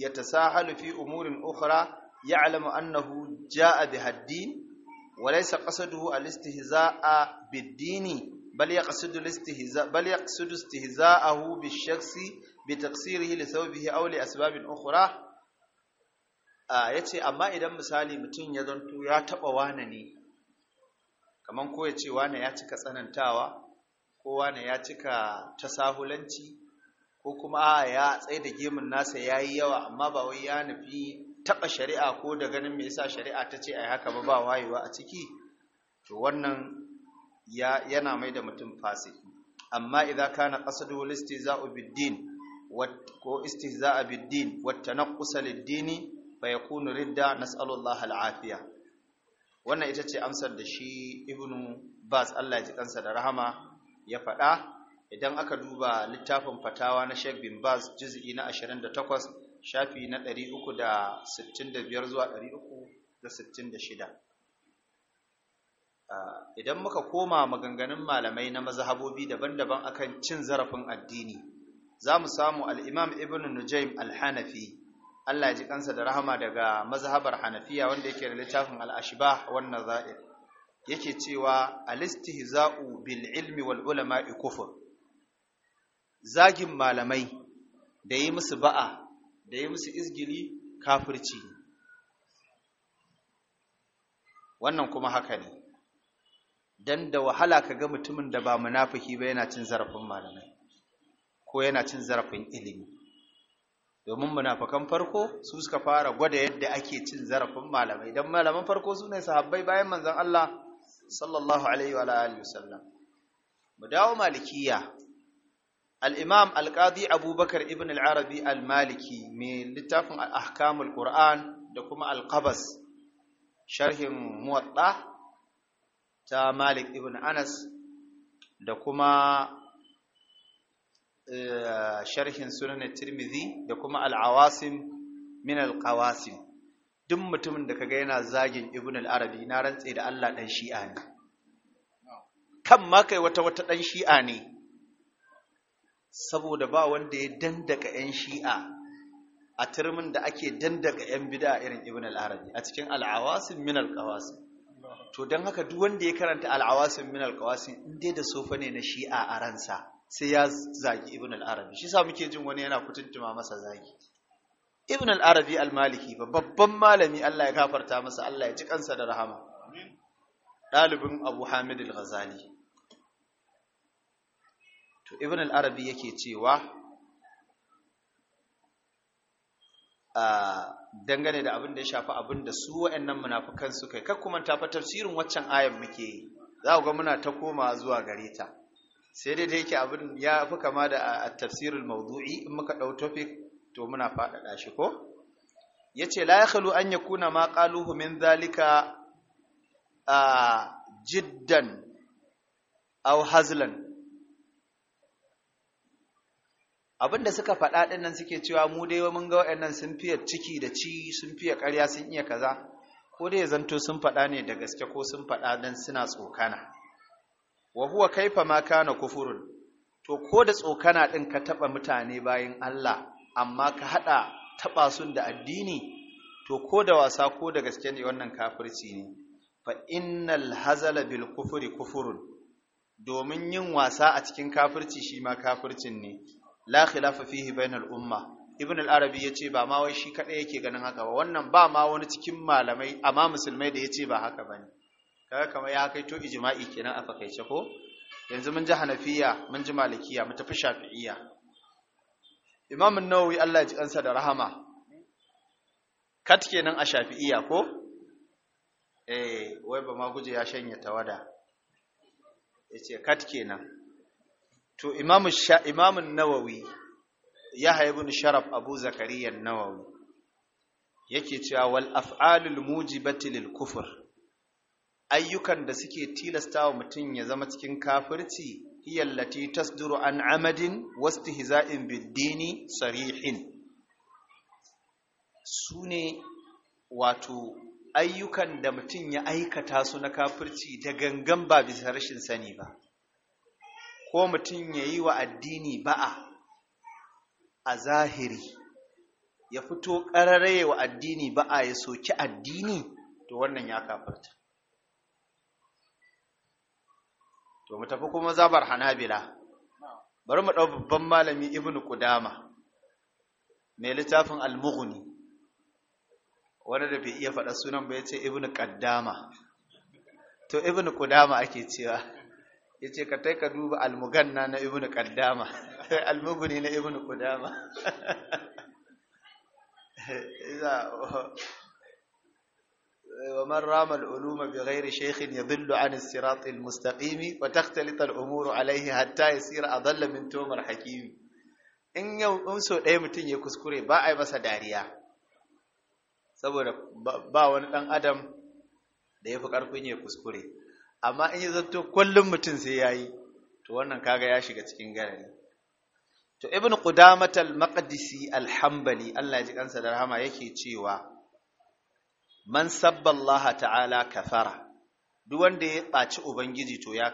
yatasahalu fi umurin ukhra ya'lamu annahu ja'a bi haddin wa laysa qasaduhu al-istihza'a bid-dini bal yaqsidu istihza bal yaqsidu istihza'ahu bi shakhsi bi taqsirihi li thawbihi aw li asbabin ukhra yace amma idan misali mutum ya zanto ya taba kaman ko ya ce wane ya cika tsanantawa ko wane ya cika tasahulanci ko kuma ya tsaye da gemun nasa yayi yawa amma ba wai ya nufi taɓa shari'a ko da ganin me yasa shari'a ta ce ai haka ba ba wayewa a ciki to wannan yana mai da mutum fasiki amma idza kana qasduhu listihza'u bid-din ko istihza'a bid-din wa tanaqqusa lid din fa yakunu ridda Allah al-afiya wannan ita ce amsar da shi ibnu bas Allah ya ji kansa da rahama ya faɗa idan aka duba littafin fatawa na Sheikh bin Baz juz'i na 28 shafi na 365 zuwa 366 Ah, idan muka koma maganganun malamai na mazhabobi daban-daban akan cin zarafin addini za mu samu al'imam ibn nujaim al-hanafi Allah ya ji kansa da rahama daga mazhabar hanafiya wanda yake da littafin al’ashiba wannan za'ir yake cewa alistihza'u bil ilmi wal ulama'i kufur zagin malamai da yi musu ba'a da yi musu izgili kafirci wannan kuma haka ne dan da wahala ka ga mutumin da ba munafiki ba yana cin zarafin malamai ko yana cin zarafin ilimi domin munafikan farko su suka fara gwada yadda ake cin zarafin malamai dan malaman farko su ne sahabbai bayan manzan Allah sallallahu alaihi wa alihi wasallam mu dawo malikiya al-imam al-qadi abubakar ibn al-arabi al-maliki mai littafin al-ahkamul qur'an da kuma al-qabas sharhin muwatta ta Malik ibn Anas da kuma eh, sharhin sunan Tirmidhi da kuma al-Awasim min al-Qawasim duk mutumin da kaga yana zagin Ibn al-Arabi na rantse da Allah dan Shi'a ne kan ma kai wata wata dan Shi'a ne saboda ba wanda ya dandaka yan Shi'a a turmin da ake dandaka yan bid'a irin Ibn al-Arabi a cikin al-Awasim min al-Qawasim to don haka duk wanda ya karanta al'awasin min alƙawasin, in da sofa ne na shi'a a ransa sai ya zagi ibn al-arabi shi sa muke jin wani yana kutuntuma masa zagi ibn al-arabi al-maliki babban malami Allah ya gafarta masa Allah ya ji kansa da rahama ɗalibin abu hamid al-ghazali to ibn al-arabi yake cewa dangane da abin da ya shafi abin da su wa'annan munafukan suka yi kar kuma ta fa tafsirin waccan ayan muke yi za ku ga muna ta koma zuwa gare ta sai dai da yake abin ya fi kama da a tafsirin mawdu'i in muka ɗau topic to muna faɗaɗa shi ko yace la yakhlu an ya kuna ma ƙaluhu min zalika jiddan au hazlan abin da suka faɗa ɗin nan suke cewa mu dai mun ga waɗannan sun fiye ciki da ci sun fiye ƙarya sun iya kaza ko dai zanto sun faɗa ne da gaske ko sun faɗa dan suna tsokana wa huwa kaifa ma kana kufurun to ko da tsokana ɗin ka taɓa mutane bayan Allah amma ka haɗa taɓa sun da addini to ko da wasa ko da gaske ne wannan kafirci ne fa innal hazala bil kufri kufurun domin yin wasa a cikin kafirci shi ma kafircin ne la khilafa fihi bainal umma ibn al-arabi yace ba ma wai shi kadai yake ganin haka ba wannan ba ma wani cikin malamai amma musulmai da yace ba haka bane kaga kamar ya kai to ijma'i kenan a fakaice ko yanzu mun ji hanafiya mun ji malikiya mu tafi shafi'iyya imam an-nawawi Allah ya ji kansa da rahama kat kenan a shafi'iyya ko eh wai ba ma guje ya shanye tawada yace kat kenan to imamu imamun nawawi ya ibn sharaf abu zakariya nawawi yake cewa wal af'alul mujibati lil kufr ayyukan da suke tilastawa mutum ya zama cikin kafirci hiyallati tasduru an amadin wastihza'in bid-dini sarihin sune wato ayyukan da mutum ya aikata su na kafirci da gangan ba bisa rashin sani ba ko mutum ya yi wa addini ba'a a zahiri ya fito ƙararraye wa addini ba'a ya soki addini to wannan ya kafarta to mu tafi kuma zabar hanabila bari mu ɗau babban malami ibn kudama mai littafin almughni wanda da bai iya faɗa sunan ba ya ce ibn kaddama to ibn kudama ake cewa yace ka tai ka duba almuganna na ibnu qaddama almuguni na ibnu qudama iza ومن رام العلوم بغير شيخ يضل عن الصراط المستقيم وتختلط الأمور عليه حتى يصير أضل من تومر حكيم in yau in so ɗaya mutum ya kuskure ba a yi masa dariya saboda ba wani ɗan adam da ya fi ƙarfin ya kuskure amma in yi zato kullum mutum sai ya yi to wannan kaga ya shiga cikin garari to ibn qudamat al Alhambali al Allah ji kansa da rahama yake cewa man sabba Allah ta'ala kafara duk wanda ya ɓaci ubangiji to ya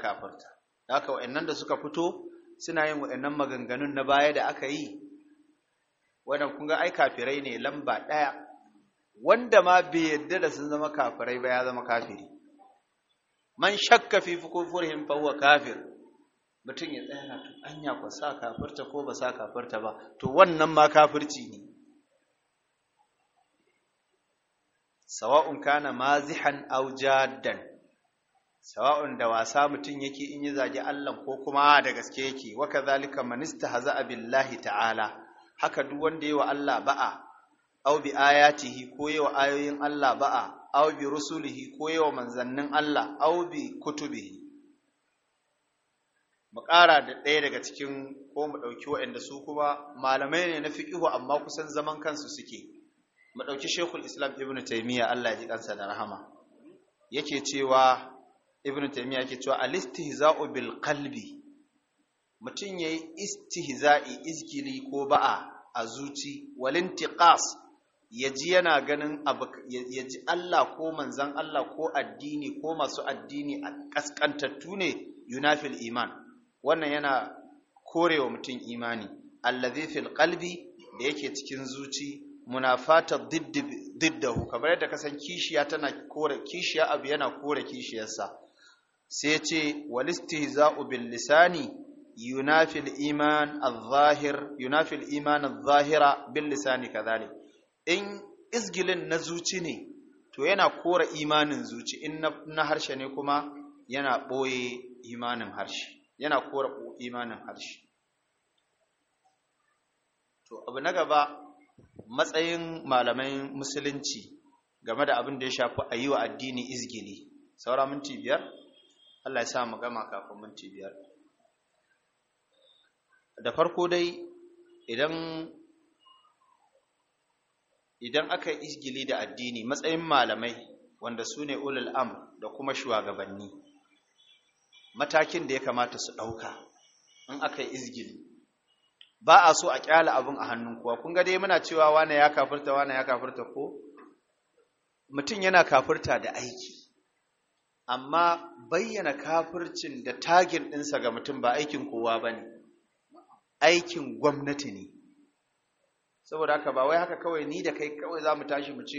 Da haka wa'annan da suka fito suna yin wa'annan maganganun na baya da aka yi wannan kun ga ai kafirai ne lamba ɗaya wanda ma bai yarda da sun zama kafirai ba ya zama kafiri man shakka fi kufurihim fa huwa kafir mutum ya tsaya to anya ko sa kafirta ko ba sa kafirta ba to wannan ma kafirci ne sawa'un kana mazihan aw jaddan sawa'un da wasa mutum yake in yi zagi Allah ko kuma da gaske yake wa kadhalika man istahza'a billahi ta'ala haka duk wanda wa Allah ba'a aw bi ayatihi ko wa ayoyin Allah ba'a aw bi rusulihi ko yawa manzannin Allah aw bi kutubihi mu ƙara da ɗaya daga cikin ko mu ɗauki waɗanda su kuma malamai ne na fiƙihu amma kusan zaman kansu suke mu ɗauki shekul islam ibn taimiyya Allah ya ji kansa da rahama yake cewa ibn taimiyya yake cewa alistihza'u bil qalbi mutum yayi istihza'i izgili ko ba'a a zuci walintiqas ya ji yana ganin ya ji Allah ko manzan Allah ko addini ko masu addini a ƙasƙantattu ne yunafil iman wannan yana korewa mutum imani allazi ƙalbi da yake cikin zuci munafata diddahu kamar yadda ka san kishiya tana kore kishiya abu yana kore kishiyarsa sai ya ce walistihza'u bil lisani yunafil iman adh yunafil iman adh-dhahira bil lisani kadhalik in izgilin na zuci ne to yana kora imanin zuci in na harshe ne kuma yana ɓoye imanin harshe yana kora imanin harshe to abu na gaba matsayin malamai musulunci game da abin da ya shafi a yi wa addini izgili saura minti biyar allah ya sa mu gama kafin minti biyar da farko dai idan idan aka yi isgili da addini matsayin malamai wanda su ne ulul da kuma shugabanni matakin da ya kamata su ɗauka in aka yi izgili ba a so a ƙyala abin a hannun kuwa kun ga dai muna cewa wane ya kafirta wane ya kafirta ko mutum yana kafirta da aiki amma bayyana kafircin da tagin ɗinsa ga mutum ba aikin kowa ba ne aikin gwamnati ne saboda haka ba wai haka kawai ni da kai kawai za mu tashi mu ce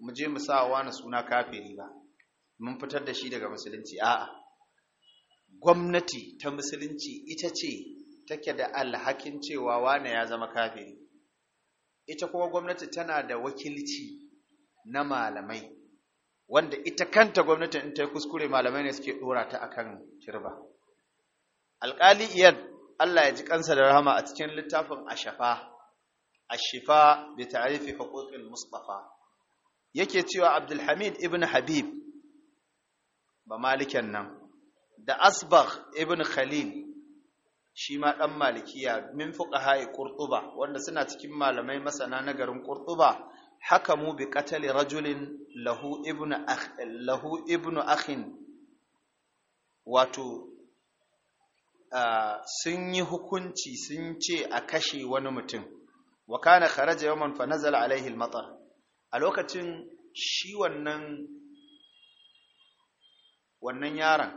mu je mu sa wani suna kafiri ba mun fitar da shi daga musulunci a'a gwamnati ta musulunci ita ce take da alhakin cewa wane ya zama kafiri ita kuma gwamnati tana da wakilci na malamai wanda ita kanta gwamnati in ta yi kuskure malamai ne suke dora ta akan kirba alƙali iyan Allah ya ji kansa da rahama a cikin littafin ashafa ashifa bi ta'rifi huquqil yake cewa abdulhamid ibn habib ba malikan nan da asbagh ibn khalil shi ma ɗan malikiya min fuqaha'i qurtuba wanda suna cikin malamai masana na garin qurtuba mu bi qatali rajulin lahu ibnu akh lahu akhin wato sun yi hukunci sun ce a kashe wani mutum wa kana kharaja yawman fa nazala alaihi al-matar a lokacin shi wannan wannan yaron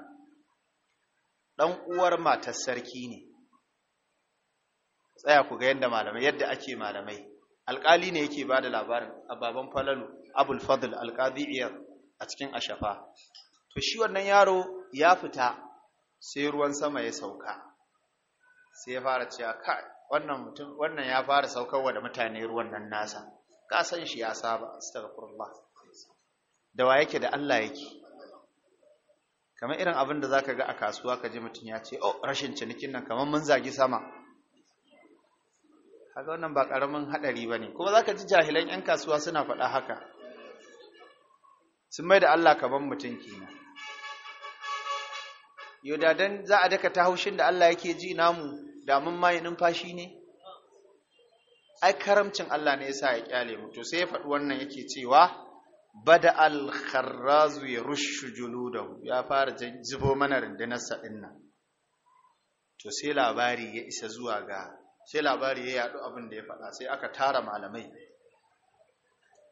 dan uwar matar sarki ne tsaya ku ga yadda malamai yadda ake malamai alƙali ne yake bada labarin a baban falalu abul fadl alqadiyar a cikin ashafa to shi wannan yaro ya fita sai ruwan sama ya sauka sai ya fara cewa kai wannan mutum wannan ya fara wa da mutane ruwan nan nasa ka san shi ya saba astaghfirullah da wa yake da Allah yake kamar irin abin da zaka ga a kasuwa ka ji mutum ya ce oh rashin cinikin nan kamar mun zagi sama kaga wannan ba karamin hadari bane kuma zaka ji jahilan yan kasuwa suna faɗa haka sun mai da Allah kamar mutum kenan yau da dan za a daka ta haushin da Allah yake ji namu da mun ma numfashi ne ai karamcin Allah ne yasa ya kyale mu to sai ya faɗi wannan yake cewa bada al kharrazu julu da juludahu ya fara zubo mana rundunarsa din nan to sai labari ya isa zuwa ga sai labari ya yaɗu abin da ya faɗa sai aka tara malamai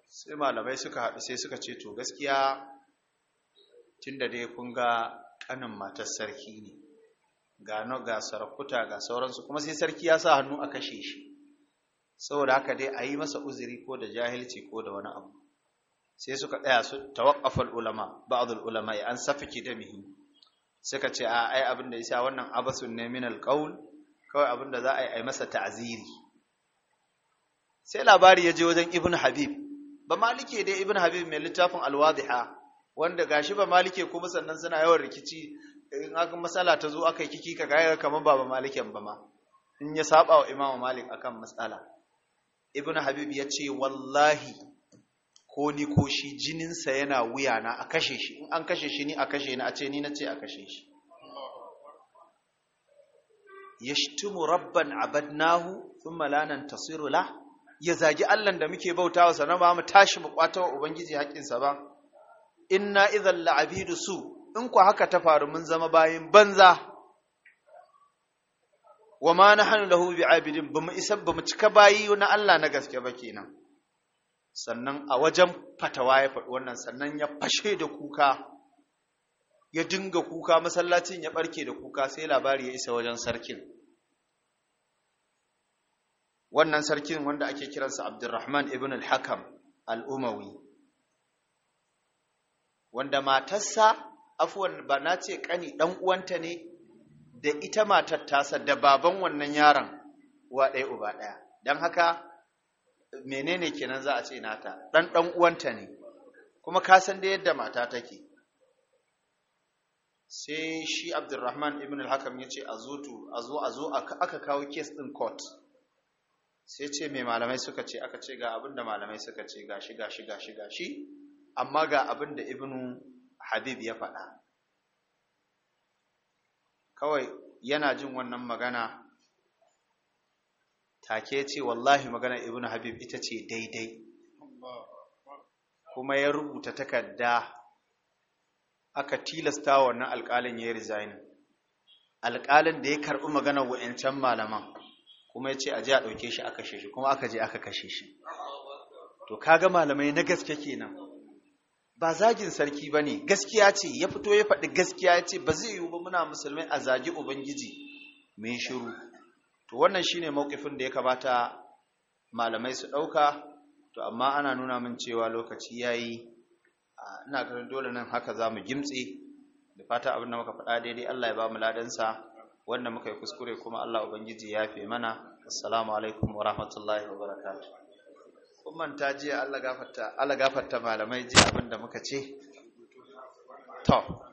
sai malamai suka haɗu sai suka ce to gaskiya tunda dai kun ga ƙanin matar sarki ne gano ga sarakuta ga sauransu kuma sai sarki ya sa hannu a kashe shi saboda haka dai a yi masa uzuri ko da jahilci ko da wani abu sai suka tsaya su tawaqqafal ulama ba'dul ulama an safiki mihi suka ce a ai abin da yasa wannan abasun ne min alqaul kawai abin da za a yi ai masa ta'ziri sai labari ya je wajen ibn habib ba malike dai ibn habib mai littafin alwadiha wanda gashi ba malike kuma sannan suna yawan rikici in aka matsala ta zo aka yi kiki ka gaya kamar baba malikin ba ma in ya saba wa imamu malik akan matsala ibn habib ya ce wallahi ko ni ko shi jininsa yana wuyana a kashe shi in an kashe shi ni a kashe ni a ce ni na ce a kashe shi Ya mu rabban abad nahu la tasiru la ya zagi Allah da muke bautawa sanan ba mu tashi mu wa ubangiji haƙinsa ba inna idan la'abidu su in ku haka ta faru mun zama bayin banza wa ma nahnu lahu bi'abidin bamu isa bamu cika bayi na Allah na gaske ba kenan sannan a wajen fatawa ya faɗi wannan sannan ya fashe da kuka ya dinga kuka masallacin ya barke da kuka sai labari ya isa wajen sarkin wannan sarkin wanda ake kiransa Abdurrahman ibn al-Hakam al-Umawi wanda matarsa afuwan ba na ce ƙani ɗan uwanta ne da ita matar tasa da baban wannan yaron wa ɗaya uba ɗaya don haka menene kenan za a ce nata ɗan ɗan uwanta ne kuma ka san da yadda mata take sai shi abdulrahman ibn al-hakam ya ce a zo a zo aka kawo kes ɗin kot. sai ce mai malamai suka ce aka ce ga abin da malamai suka ce gashi gashi gashi gashi amma ga abin da ibnu habib ya faɗa kawai yana jin wannan magana take ce wallahi magana ibn habib ita ce daidai kuma ya rubuta takarda aka tilasta wannan alƙalin ya yi resign alƙalin da ya karɓi maganar wa'ancan malaman kuma ya ce a je a ɗauke shi aka kashe shi kuma aka je aka kashe shi to kaga malamai na gaske kenan ba zagin sarki ba ne gaskiya ce ya fito ya faɗi gaskiya ya ce ba zai yiwu ba muna musulmi a zagi ubangiji mai shiru to wannan shine mawkifin da ya kamata malamai su ɗauka to amma ana nuna min cewa lokaci ya yi ina ganin dole nan haka za mu gimtse da fata abin da muka faɗa daidai allah ya ba mu ladansa wanda muka yi kuskure kuma allah ubangiji ya fi mana assalamu alaikum wa rahmatullahi wa barakatuh kun manta jiya Allah gafarta malamai jiya abin da muka ce to